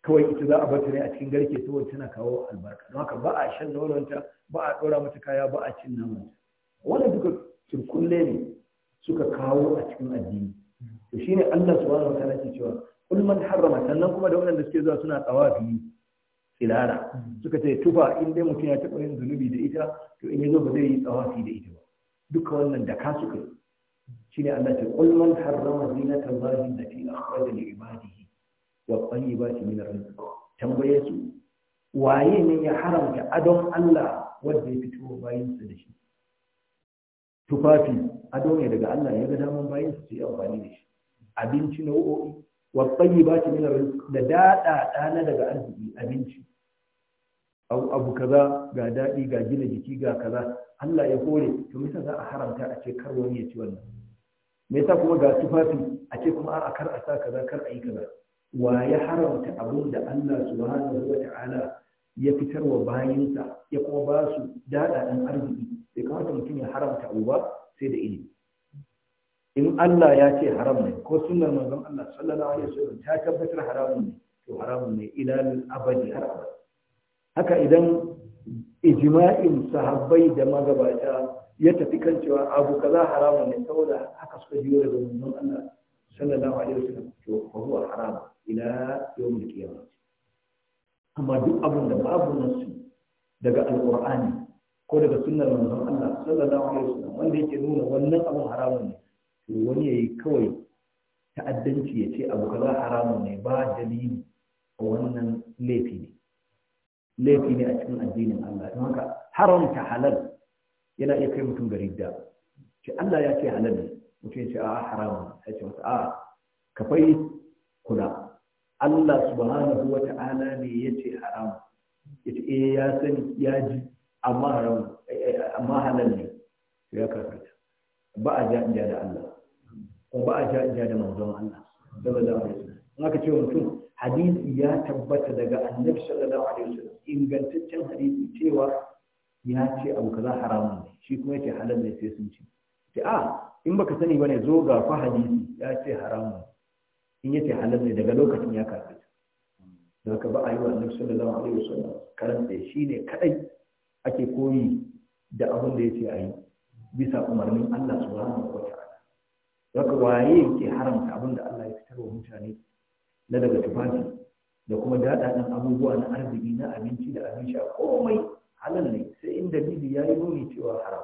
kawai ita za a bar ta ne a cikin garke saboda tana kawo albarka don haka ba a shan nononta ba a ɗora mata kaya ba a cin naman wannan duka cirkulle ne suka kawo a cikin addini to shine Allah subhanahu wataala ke cewa kul man harrama sannan kuma da wannan da suke zuwa suna tsawafi tsirara suka ce tufa in dai mutum ya taɓa yin zunubi da ita to in yazo ba zai yi tsawafi da ita ba duka wannan da ka suka shi ne Allah ce qul man harrama zinata da fi akwai li ibadihi wa tayyibati min rizq tambaye su waye ne ya haramta adon Allah wanda ya fito bayin sa da shi tufafi ado ne daga Allah ya ga daman bayin su yi amfani da shi abinci nau'o'i wa tayyibati min rizq da dada dana daga arziki abinci abu kaza ga daɗi ga gina jiki ga kaza Allah ya kore to me za a haramta a ce kar wani ya ci wannan me yasa kuma ga tufafi a ce kuma a kar a sa kaza kar a yi kaza wa ya haramta abun da Allah subhanahu ya fitar wa bayinsa ya kuma ba su dada arziki sai kamata mutum ya haramta abu ba sai da ilimi in Allah ya ce haram ne ko sunnar manzon Allah sallallahu alaihi wasallam ta tabbatar haramun ne to haramun ne ila abadi har abada haka idan ijma'in sahabbai da magabata ya tafi kan cewa abu kaza haramun ne saboda haka suka biyo daga manzon Allah sallallahu alaihi wasallam to fa huwa haram ila yawmil qiyamah amma duk abun da babu nasu daga alqur'ani ko daga sunnar manzon Allah sallallahu alaihi wasallam wanda yake nuna wannan abun haramun ne to wani yayi kawai ta'addanci ya ce abu kaza haramun ne ba dalili wannan laifi ne laifi ne a cikin addinin Allah don haka haramta halal yana iya kai mutum gari da ce Allah ya ce halal ne mutum ya ce a haramun ya ce masa a ka kula Allah subhanahu wa ta'ala ne ya ce haram ya ce eh ya sani ya ji amma haram amma halal ne to ya karkata ba a ja inja da Allah ko ba a ja inja da manzon Allah sallallahu alaihi wasallam in aka ce mutum hadisi ya tabbata daga annabi sallallahu alaihi wasallam ingantaccen hadisi cewa ya ce abu kaza haramun ne shi kuma yake halal ne sai sun ce ce ah, a in baka sani bane zo ga fa hadisi ya ce haramun in yace halal ne daga lokacin ya karbi da haka ba a yi wa annabi sallallahu alaihi wasallam karanta ne kadai ake koyi da abin da yake ayi bisa umarnin Allah subhanahu wa ta'ala haka waye yake haramta abin da Allah ya fitarwa mutane na daga tufafi da kuma daɗaɗen abubuwa na arziki na abinci da abin sha komai halal ne sai in dalili ya yi nuni cewa haram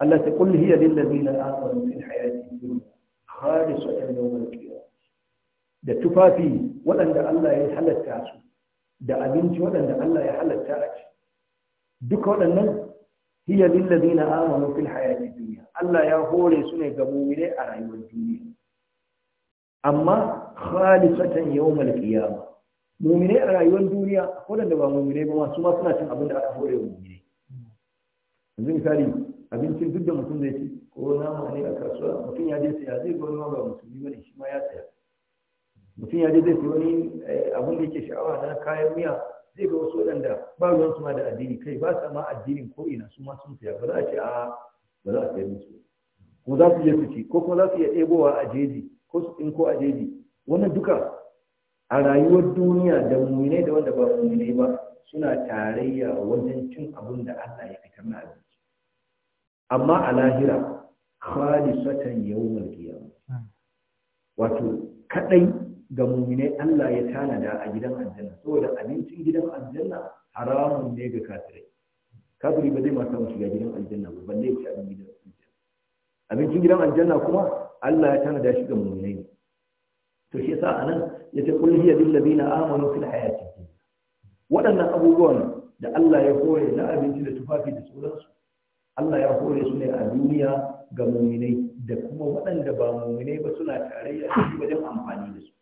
Allah ta kulli hiya lil ladina amanu fil hayati dunya khalisatan yawmal qiyamah da tufafi waɗanda Allah ya halatta su da abinci waɗanda Allah ya halatta a ci duka waɗannan hiya lil ladina amanu fil hayati dunya Allah ya hore su ne ga mu'mine a rayuwar duniya amma khalisatan yawmal qiyamah mu'mine a rayuwar duniya wadanda ba mu'mine ba masu ma suna cin abin da aka hore mu'mine yanzu misali abincin duk da mutum zai ci ko nama ne a kasuwa mutum ya je saya zai gwani ba musulmi ne shi ma ya saya mutum ya je zai sayi wani eh, abin da yake sha'awa na kayan miya zai ga wasu waɗanda ba ruwan su ma da addini kai ba sa ma addinin ko ina su ma sun saya ba za a ce a ba za a sayar musu ko za su je su ci ko kuma za su iya ɗebowa a jeji ko su ko a jeji wannan duka a rayuwar duniya da mummune da wanda ba mummune ba suna tarayya wajen cin abin da Allah ya fitar na abinci amma a lahira khalisatan yawmal qiyamah wato kadai ga mummune Allah ya tanada a gidan aljanna saboda abincin gidan aljanna haramun ne ga kafirai kafiri ba zai ma samu shiga gidan aljanna ba balle ya ci abin gidan aljanna abincin gidan aljanna kuma Allah ya tana da shi ga mu'minai to shi yasa anan yace kul hiya lil ladina amanu fil hayati dunya waɗannan abubuwan da Allah ya hore na abinci da tufafi da sauransu Allah ya hore su ne a duniya ga mu'minai da kuma waɗanda ba mu'minai ba suna tarayya da wajen amfani da su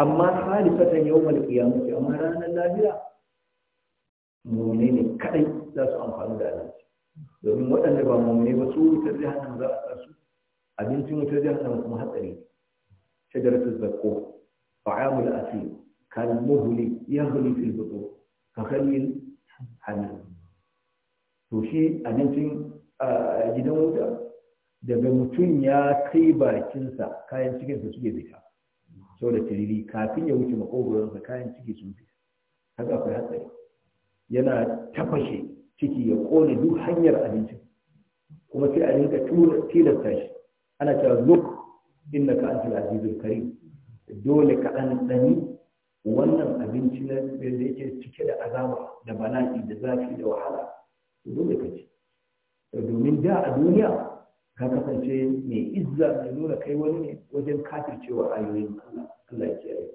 amma halifatan yawmal qiyamah amma ranar lahira mu'minai ne kadai za su amfani da abinci domin waɗanda ba mu'minai ba su wutar jahannam za a sa su abincin wutar jahannama kuma hatsari shajaratu zakko ta'amul asil kal muhli yahli fil butu ka khalil hamil to shi abincin gidan wuta daga mutum ya kai bakinsa kayan cikinsa suke fita da tiriri kafin ya wuce makogoronsa kayan ciki sun fita haka akwai hatsari yana tafashe ciki ya kone duk hanyar abincin kuma sai a rinka tilasta shi ana cewa look ka antal azizul karim dole ka dan dani wannan abinci na da yake cike da azama da bala'i da zafi da wahala dole ka ci domin da a duniya ka kasance mai izza mai nuna kai wani ne wajen kafircewa ayoyin Allah Allah ya kiyaye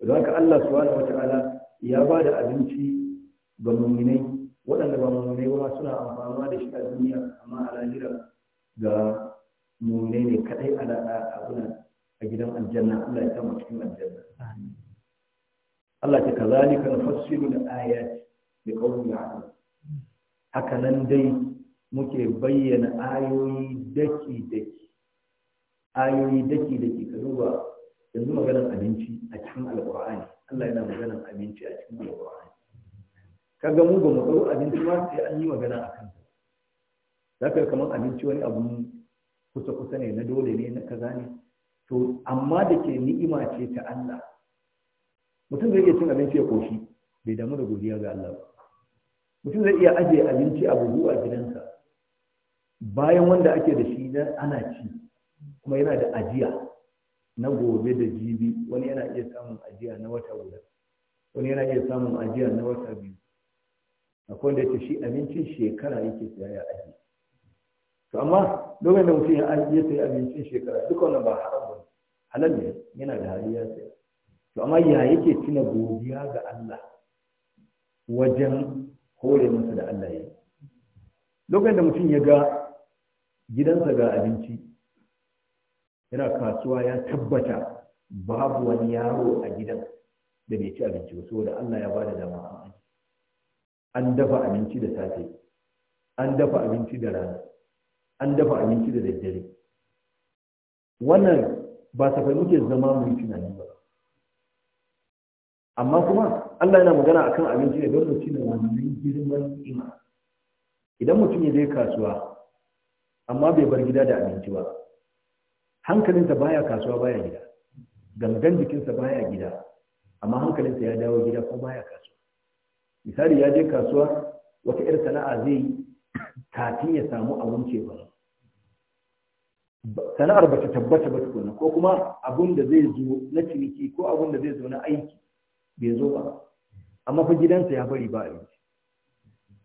don haka Allah subhanahu wata'ala ya ba da abinci ga muminai waɗanda ba muminai ba suna amfana da shi a duniya amma a lahira ga mu ne kadai a abuna a gidan aljanna Allah ya kama cikin aljanna Allah ta kazalika nufassilu da ayat bi qawli ya'lam haka nan dai muke bayyana ayoyi daki daki ayoyi daki daki ka duba yanzu maganar abinci a cikin alqur'ani Allah yana maganar abinci a cikin alqur'ani kaga mu ba mu dau abinci ma sai an yi magana akan ta zaka kamar abinci wani abu kusa kusa ne na dole ne na kaza ne to amma da ke ni'ima ce ta Allah mutum zai iya cin abinci ya koshi bai damu da godiya ga Allah ba mutum zai iya ajiye abinci a buhu a gidansa bayan wanda ake da shi na ana ci kuma yana da ajiya na gobe da jibi wani yana iya samun ajiya na wata guda wani yana iya samun ajiya na wata biyu akwai wanda ce shi abincin shekara yake siya ya ajiye to amma lokacin da mutum ya ya sai abincin shekara duk wannan ba haram ba halal ne yana da hali ya sai to amma ya yake tuna godiya ga Allah wajen hore masa da Allah ya lokacin da mutum ya ga gidansa ga abinci yana kasuwa ya tabbata babu wani yaro a gidan da bai ci abinci ba saboda Allah ya bada dama an dafa abinci da safe an dafa abinci da rana an dafa abinci da daddare wannan ba safai muke zama mu yi tunani ba amma kuma Allah yana magana akan abinci ne don mutum da wannan girman ima idan mutum ya je kasuwa amma bai bar gida da abinci ba hankalinsa baya kasuwa baya gida gangan jikinsa baya gida amma hankalinsa ya dawo gida ko baya kasuwa misali ya je kasuwa wata 'yar sana'a zai yi kafin ya samu abinci ce ba sana'ar ba ta tabbata ba tukuna ko kuma abun da zai zo na ciniki ko abun da zai zo na aiki bai zo ba amma fa gidansa ya bari ba aiki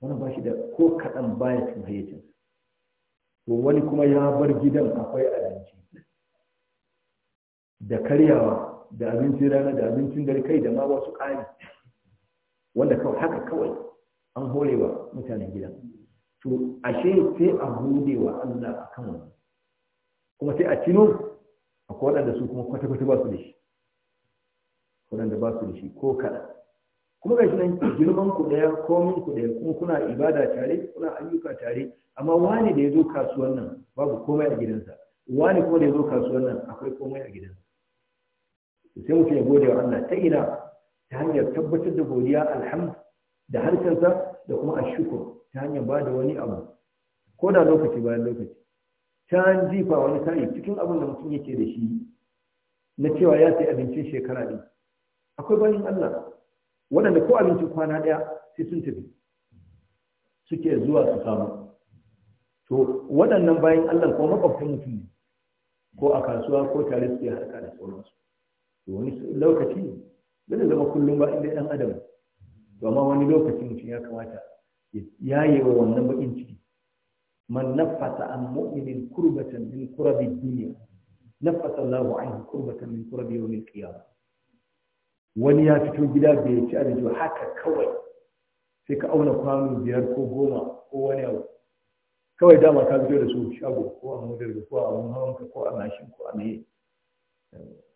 wani ba shi da ko kaɗan baya cin hayyacin to wani kuma ya bar gidan akwai abinci da karyawa da abincin rana da abincin dare kai da ma wasu ƙari wanda kawai haka kawai an horewa mutanen gidan to ashe sai a gode wa Allah akan wannan kuma sai a cino akwai waɗanda su kuma kwata-kwata ba su da shi waɗanda ba su da shi ko kaɗan kuma gashi nan girman ku ɗaya komin ku ɗaya kuma kuna ibada tare kuna ayyuka tare amma wani da ya zo kasuwan nan babu komai a gidansa wani kuma da ya zo kasuwan nan akwai komai a gidansa sai mutum ya gode wa Allah ta ina ta hanyar tabbatar da godiya alhamd da harkarsa da kuma ashukur ta hanyar ba da wani abu ko da lokaci bayan lokaci can jifa wani tari cikin abin da mutum yake da shi na cewa ya sai abincin shekara ne akwai bayan Allah waɗanda ko abincin kwana ɗaya sai sun tafi suke zuwa su samu to waɗannan bayan Allah ko makwabtan mutum ne ko a kasuwa ko tare suke harka da sauransu to wani lokaci zai zama kullum ba inda ɗan adam to amma wani lokaci mutum ya kamata ya yi wa wannan bakin ciki man nafasa an mu'minin kurbatan min kurabi duniya nafasa Allahu anhu kurbatan min kurabi yawmil qiyamah wani ya fito gida bai ci abinci haka kawai sai ka auna kwano biyar ko goma ko wani abu kawai dama ka fito da su shago ko a motar ko a wani ko a mashin ko a meye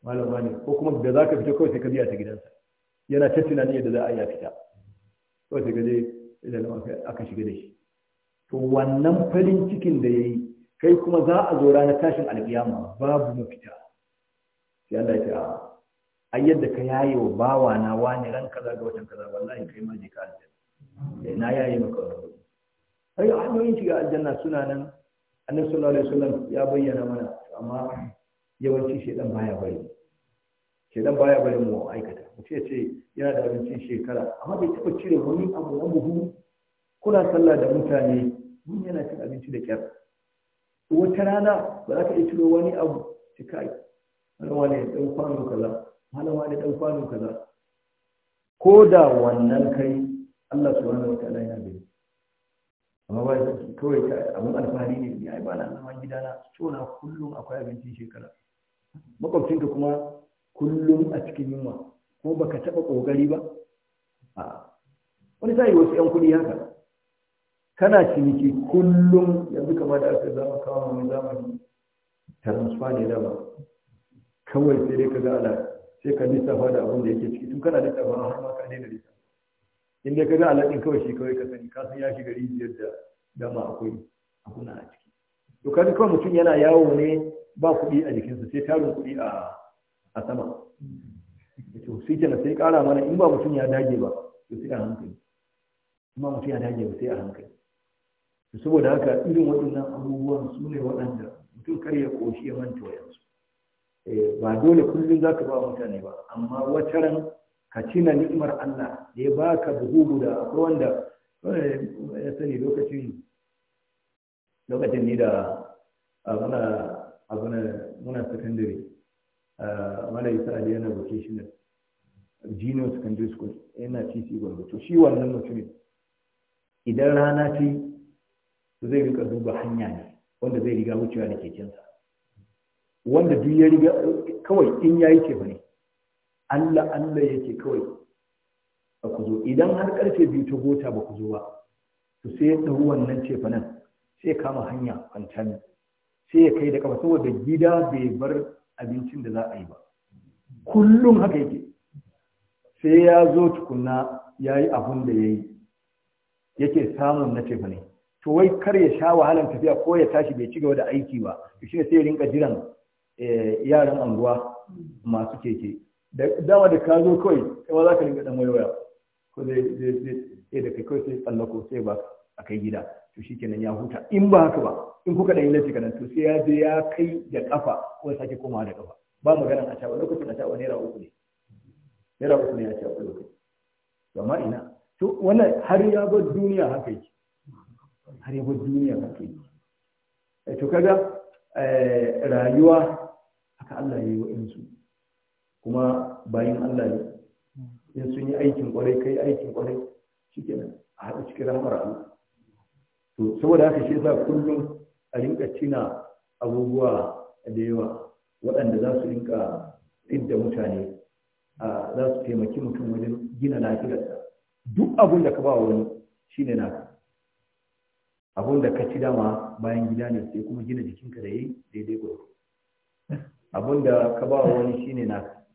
malama ne ko kuma da ka fito kawai sai ka biya ta gidansa yana ta yadda za a fita kawai sai ka je idan aka shiga da shi to wannan farin cikin da ya yi kai kuma za a zo ranar tashin alkiyama babu mafita sai Allah ya ce a yadda ka yaye wa bawa na wani ran kaza ga watan kaza wallahi kai ma je ka aljanna eh, na yaye maka ai hanyoyin shiga aljanna suna nan annabi sallallahu alaihi wasallam ya bayyana mana amma yawanci shedan baya bari shedan baya bari mu aikata mutum ya ce yana da abincin shekara amma bai taba cire wani abu na buhu kuna sallah da mutane mun yana cin abinci da kyar wata rana ba za ka iya ciro wani abu ci kai halawa ne dan kwano kaza halawa ne dan kwano kaza ko da wannan kai Allah subhanahu wataala yana gani amma ba kawai ta abin alfahari ne ya yi. ba na zaman na tona kullum akwai abincin shekara makwabcinka kuma kullum a cikin yunwa ko baka taba kokari ba a wani sai wasu yan kudi haka kana ciniki kullum yanzu kama da aka zama kawo mai zamani taransuwa ne dama kawai sai dai ka ga ala sai ka lissafa da abin da yake ciki tun kana da a har ma ka daina lissafa in dai ka ga ala kawai shi kawai ka sani ka san ya shiga rijiyar da dama akwai abuna a ciki to kaji kawai mutum yana yawo ne ba kuɗi a jikinsa sai tarin kuɗi a a sama to sai kenan sai ƙara mana in ba mutum ya dage ba to sai a hankali in ba mutum ya dage ba sai a hankali saboda haka irin waɗannan abubuwan su ne waɗanda mutum kar ya koshi ya manta wa yanzu. Eh, ba dole kullum za ka ba mutane ba amma wata ran ka cina ni'imar Allah da ya baka buhu guda akwai wanda eh, ya sani lokacin lokacin ni da muna abuna muna secondary eh, isa ali yana vocational junior secondary school yana tc gwamnati shi wannan mutumin idan rana ce zai rika duba hanya ne wanda zai riga wucewa da kekensa wanda duk ya riga kawai in ya yi ce ne Allah Allah yake kawai ba ku zo idan har karfe biyu ta gota ba ku zo ba to sai ya ɗau wannan cefanen sai ya kama hanya kwanta ne. sai ya kai da kafa saboda gida bai bar abincin da za a yi ba kullum haka yake sai ya zo tukuna ya yi abun da ya yi yake samun na cefane to wai kar ya sha wahalan tafiya ko ya tashi bai ci gaba da aiki ba shi ne sai rinka jiran eh, yaran anguwa masu keke dama da ka zo kawai sai ma za ka rinka dan waya ko zai zai da kai kawai sai tsallako sai ba a kai gida to shi kenan ya huta in ba haka ba in kuka dan yi laifi kanan to sai ya je ya kai da kafa ko sake komawa da kafa ba maganan a cewa lokacin a cewa naira uku ne naira uku ne a cewa lokacin amma ina to wannan har ya bar duniya haka yake har yabo duniya ba ke eh, to kaga eh, rayuwa haka Allah ya yi wa'insu kuma bayan Allah ne in sun yi aikin kwarai kai aikin kwarai shi a haɗa cikin rahmar Allah to saboda haka shi yasa kullum a rinka cina abubuwa da yawa waɗanda za su rinka inda mutane za su taimaki mutum wajen gina lafiyarsa duk abin da ka ba wani shi ne naka abun da ka ci dama bayan gida ne sai kuma gina jikinka da yi daidai gudu. abun da ka ba wani shine na.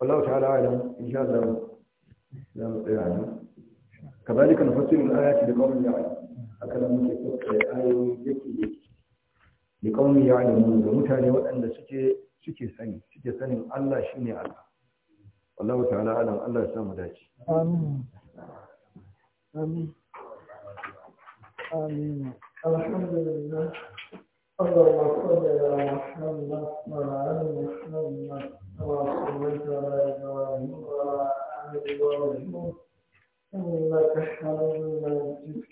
wallahu ta'ala alam insha Allah za mu tsaya nan kazalika nufassilu al-ayati liqaumin ya'lamun haka muke tsaya eh, ayoyi yake yake liqaumin ya'lamun da mutane waɗanda suke suke sani suke sanin Allah shine Allah wallahu ta'ala alam Allah ya samu dace amin amin آمين الحمد لله صلى الله على محمد وعلى محمد وعلى صليت على إبراهيم وعلى آل إبراهيم إنك حميد مجيد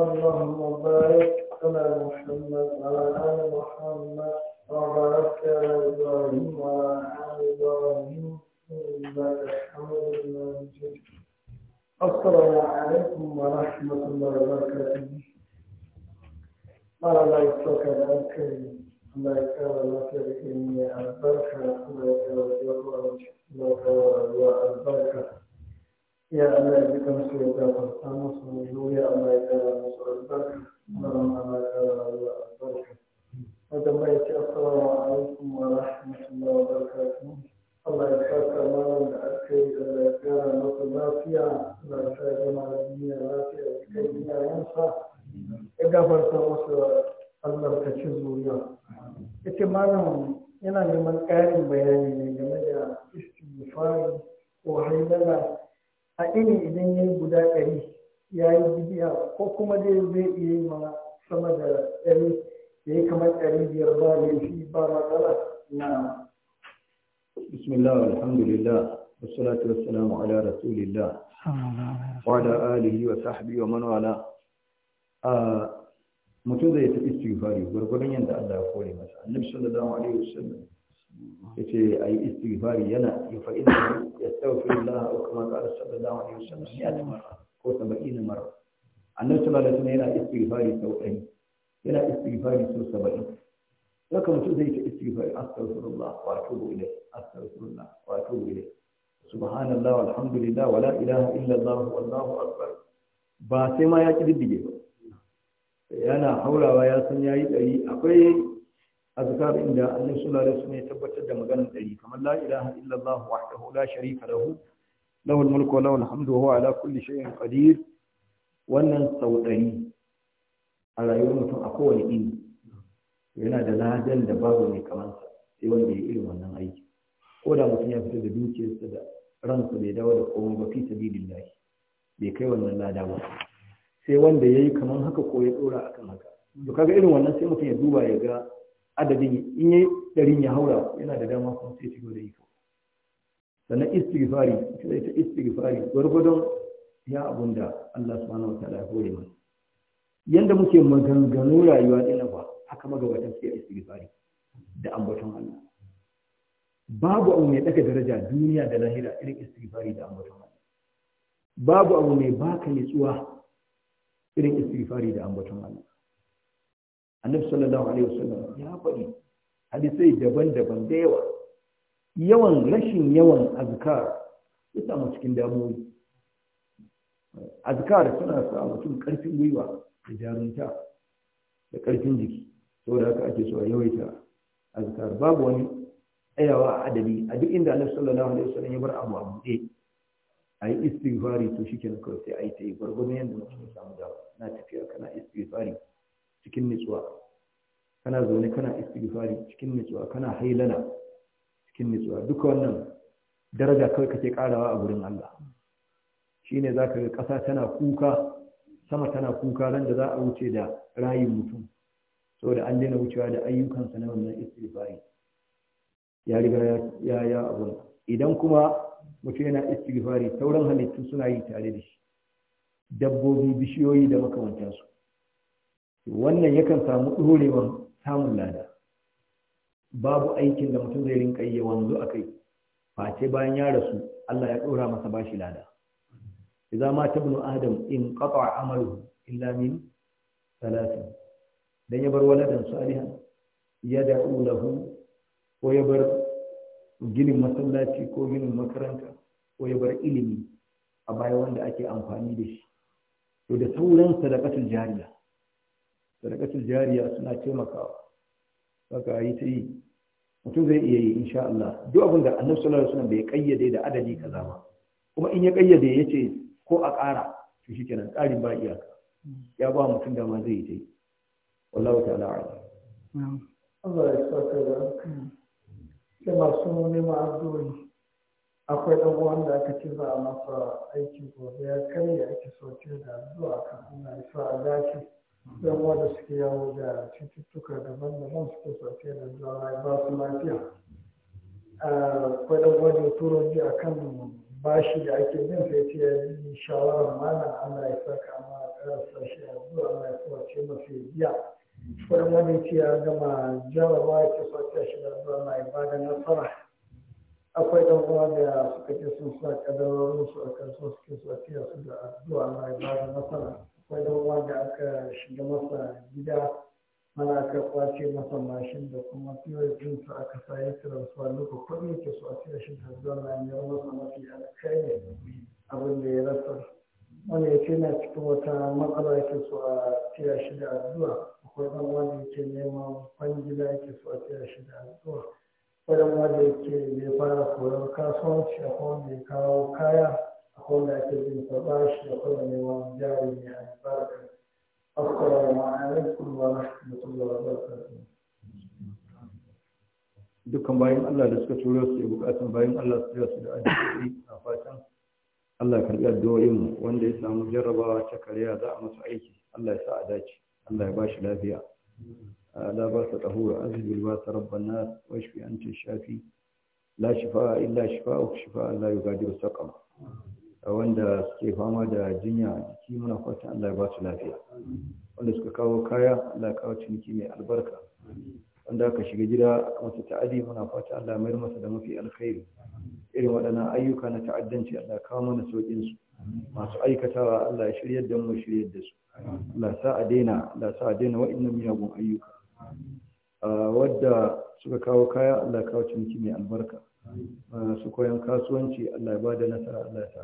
اللهم بارك على محمد وعلى آل محمد وبارك على إبراهيم وعلى آل إبراهيم إنك حميد مجيد السلام عليكم ورحمة الله وبركاته fara laifin kada aka yi laifin da lafiya da ke yi albarka da ya kawo jirgin lokawa rayuwa albarka ya ana yi kan su ya ta farfa musu mai zuwa a mai kawo albarka kuma ma mai kawo rayuwa albarka wata mai ce asalamu alaikum wa rahmatullahi wa barakatuhu Allah ya kasa mana da aka yi da lafiya da lafiya da lafiya da lafiya malam yana neman ƙarin bayani ne game da istighfari ko haidara a ini idan ya guda ɗari ya yi bidiya ko kuma dai zai iya yi ma sama da ɗari ya yi kamar ɗari biyar ba fi ba matsala na bismillah alhamdulillah ala ala على رسول الله wa آله wa ومن والاه mutum zai ta istighfari gwargwadon yadda Allah ya kore masa annabi sallallahu alaihi wasallam yace ayi istighfari yana fa inna yastaghfirullah aw kama qala sallallahu alaihi wasallam ya tamara ko 70 marra annabi sallallahu alaihi wasallam yana istighfari sau ɗaya, yana istighfari sau 70 haka mutum zai ta istighfari astaghfirullah wa atubu ilayh astaghfirullah wa atubu subhanallah walhamdulillah wala ilaha illallah wallahu akbar ba sai ma ya kididdige ba yana haurawa ya san yayi ɗari akwai azkar inda annabi sallallahu alaihi wasallam ya tabbatar da maganar ɗari kamar la ilaha illallah wahdahu la sharika lahu lahul mulku lahul hamdu wa ala kulli shay'in qadir wannan sau ɗari a rayuwar mutum a kowane ini yana da ladan da babu mai kamansa sai wanda ya irin wannan aiki ko da mutum ya fita da dukiyarsa da ransa bai dawo da komai ba fi sabilillahi bai kai wannan lada ba sai wanda ya yi kamar haka ko ya ɗora a kan haka to kaga irin wannan sai mutum ya duba ya ga adadin in yi ɗarin ya haura yana da dama kuma sai shigo da yi sannan istighfari shi zai ta istighfari gwargwadon ya abun da Allah subhanahu wa ta'ala ya hore mana yanda muke maganganu rayuwa din nan fa haka magabatan sai istighfari da ambaton Allah babu abu mai daga daraja duniya da lahira irin istighfari da ambaton Allah babu abu mai baka nutsuwa irin istighfari da ambaton Allah annabi sallallahu alaihi wasallam ya faɗi hadisai daban-daban da yawa yawan rashin yawan azkar ya samu cikin damuwoyi azkar suna sa mutum karfin gwiwa da jarunta da karfin jiki saboda haka ake so a yawaita azkar babu wani tsayawa a adabi a duk inda annabi sallallahu alaihi wasallam ya bar abu a buɗe a yi istighfari to shi kenan kawai sai a yi ta yi gwargwadon yadda mutum ya samu dawa na tafiya kana istighfari cikin nutsuwa kana zaune kana istighfari cikin nutsuwa kana hailala cikin nutsuwa duka wannan daraja kawai kake karawa a gurin Allah za ka ga kasa tana kuka sama tana kuka ran da za a wuce da rayin mutum saboda an daina wucewa da ayyukansa na wannan istighfari ya riga ya ya abun idan kuma mutum yana istighfari sauran halittu suna yi tare da shi dabbobi bishiyoyi da makamantansu wannan yakan samu ɗorewar samun lada babu aikin da mutum zai rinka yi wanzu a kai face bayan ya rasu Allah ya ɗora masa bashi lada idza ma tabnu adam in qata'a amaluhu illa min salatin dan ya bar waladan salihan ya da'u lahu ko ya bar ginin masallaci ko ginin makaranta ko ya bar ilimi a baya wanda ake amfani da shi to da sauran sadakatul jariya sadakatul jariya suna taimakawa saka yi ta yi mutum zai iya yi insha Allah duk abin da annabi sallallahu alaihi wasallam bai kayyade da adadi kaza ba kuma in ya kayyade yace ko a ƙara to shikenan ƙarin ba iyaka ya ba mutum dama zai yi ta yi wallahu ta'ala a'lam Allah ya saka da masu neman addu'o'i akwai ɗan uwan da aka ciza masa aikin gobe ya karya ake sauke da zuwa kafin na isa a gashi ɗan uwa da suke yawo da cututtuka daban-daban suke sauke da zuwa ya ba su lafiya akwai ɗan uwan da turo ji a kan bashi da ake bin sai ce ya yi shawarar mana ana ya saka Amma a ƙara shi a zuwa ana ya sauke masa ya biya wani wani ce ya gama jarabawa ya ce sauke shi da zuwa na ibada nasara akwai ɗan uwa da suka ce sun sa kadarorin su a kan so suke so a tiya su da addu'a na da masana akwai ɗan uwa da aka shiga masa gida mana aka kwace masa mashin da kuma tiyo jin su aka sa ya kira su a duka kuɗi yake su a tiya shi da addu'a na ruwa masa mafi alkhairi abin da ya rasa wanda ya ce na cikin wata matsala yake su a tiya shi da addu'a akwai ɗan uwa da yake neman kwangila yake su a tiya shi da addu'a wurin wanda yake zai fara koyon kasuwanci a kuma mai kawo kaya a kuma ake jin karɓa shi a kuma neman jari ne a albarka assalamu alaikum wa da wa barakatuh dukkan bayan Allah da suka turo su ya bukatun bayan Allah su ya su da ajiyoyi a fatan Allah ya karɓi addu'o'in wanda ya samu jarrabawa ta kariya za a masu aiki Allah ya sa a dace Allah ya ba shi lafiya لا باس طهورا أذهب الباس رب الناس واشف أنت الشافي لا شفاء إلا شفاءك شفاء لا يغادر سقما wanda suke fama da jinya a jiki muna fatan Allah ya ba su lafiya wanda suka kawo kaya Allah ya kawo ciniki mai albarka wanda aka shiga gida masa ta'adi muna fatan Allah ya mayar masa da mafi alkhairi irin waɗannan ayyuka na ta'addanci Allah ya kawo mana saukin masu aikatawa Allah ya da da su sa a daina Allah daina miyagun ayyuka wadda suka kawo kaya Allah ya kawo ciniki mai albarka su koyan kasuwanci Allah ya ba da nasara Allah ya sa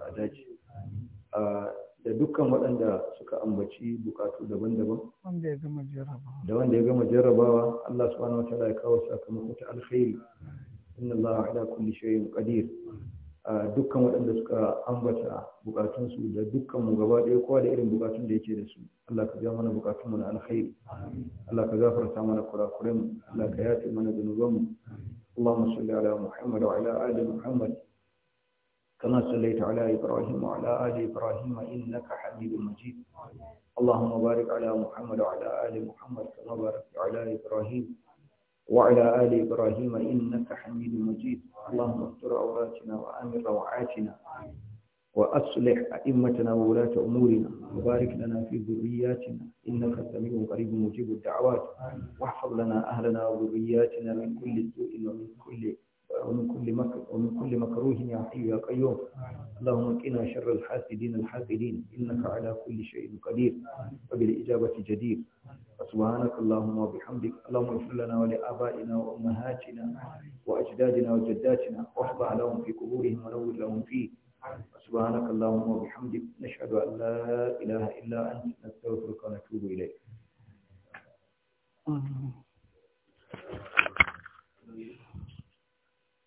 a da dukkan waɗanda suka ambaci bukatu daban-daban da wanda ya gama jarrabawa Allah subhanahu wa ta'ala ya kawo sakamako ta alkhairi inna Allah ala kulli shay'in qadir dukkan waɗanda suka ambata bukatunsu da dukkan mu gaba ɗaya kowa da irin bukatun da yake da su Allah ka ja mana bukatunmu mu na alkhairi Allah ka gafarta mana kurakuren mu Allah ka yafe mana zunubanmu Allahumma salli ala Muhammad wa ala ali Muhammad ala ibrahim wa ala ali Ibrahim innaka Hamidum Majid Allahumma barik ala Muhammad wa ala ali muhammad kama barakta ala ibrahim. وعلى آل إبراهيم إنك حميد مجيد اللهم استر عوراتنا وآمن روعاتنا وأصلح أئمتنا وولاة أمورنا وبارك لنا في ذرياتنا إنك سميع قريب مجيب الدعوات واحفظ لنا أهلنا وذرياتنا من كل سوء ومن كل ومن كل مكر ومن كل مكروه يا حي يا قيوم اللهم قنا شر الحاسدين الحاسدين انك على كل شيء قدير وبالاجابه جدير سبحانك اللهم وبحمدك اللهم اغفر لنا ولابائنا وامهاتنا واجدادنا وجداتنا واحفظ لهم في قبورهم ونور لهم فيه سبحانك اللهم وبحمدك نشهد ان لا اله الا انت نستغفرك ونتوب اليك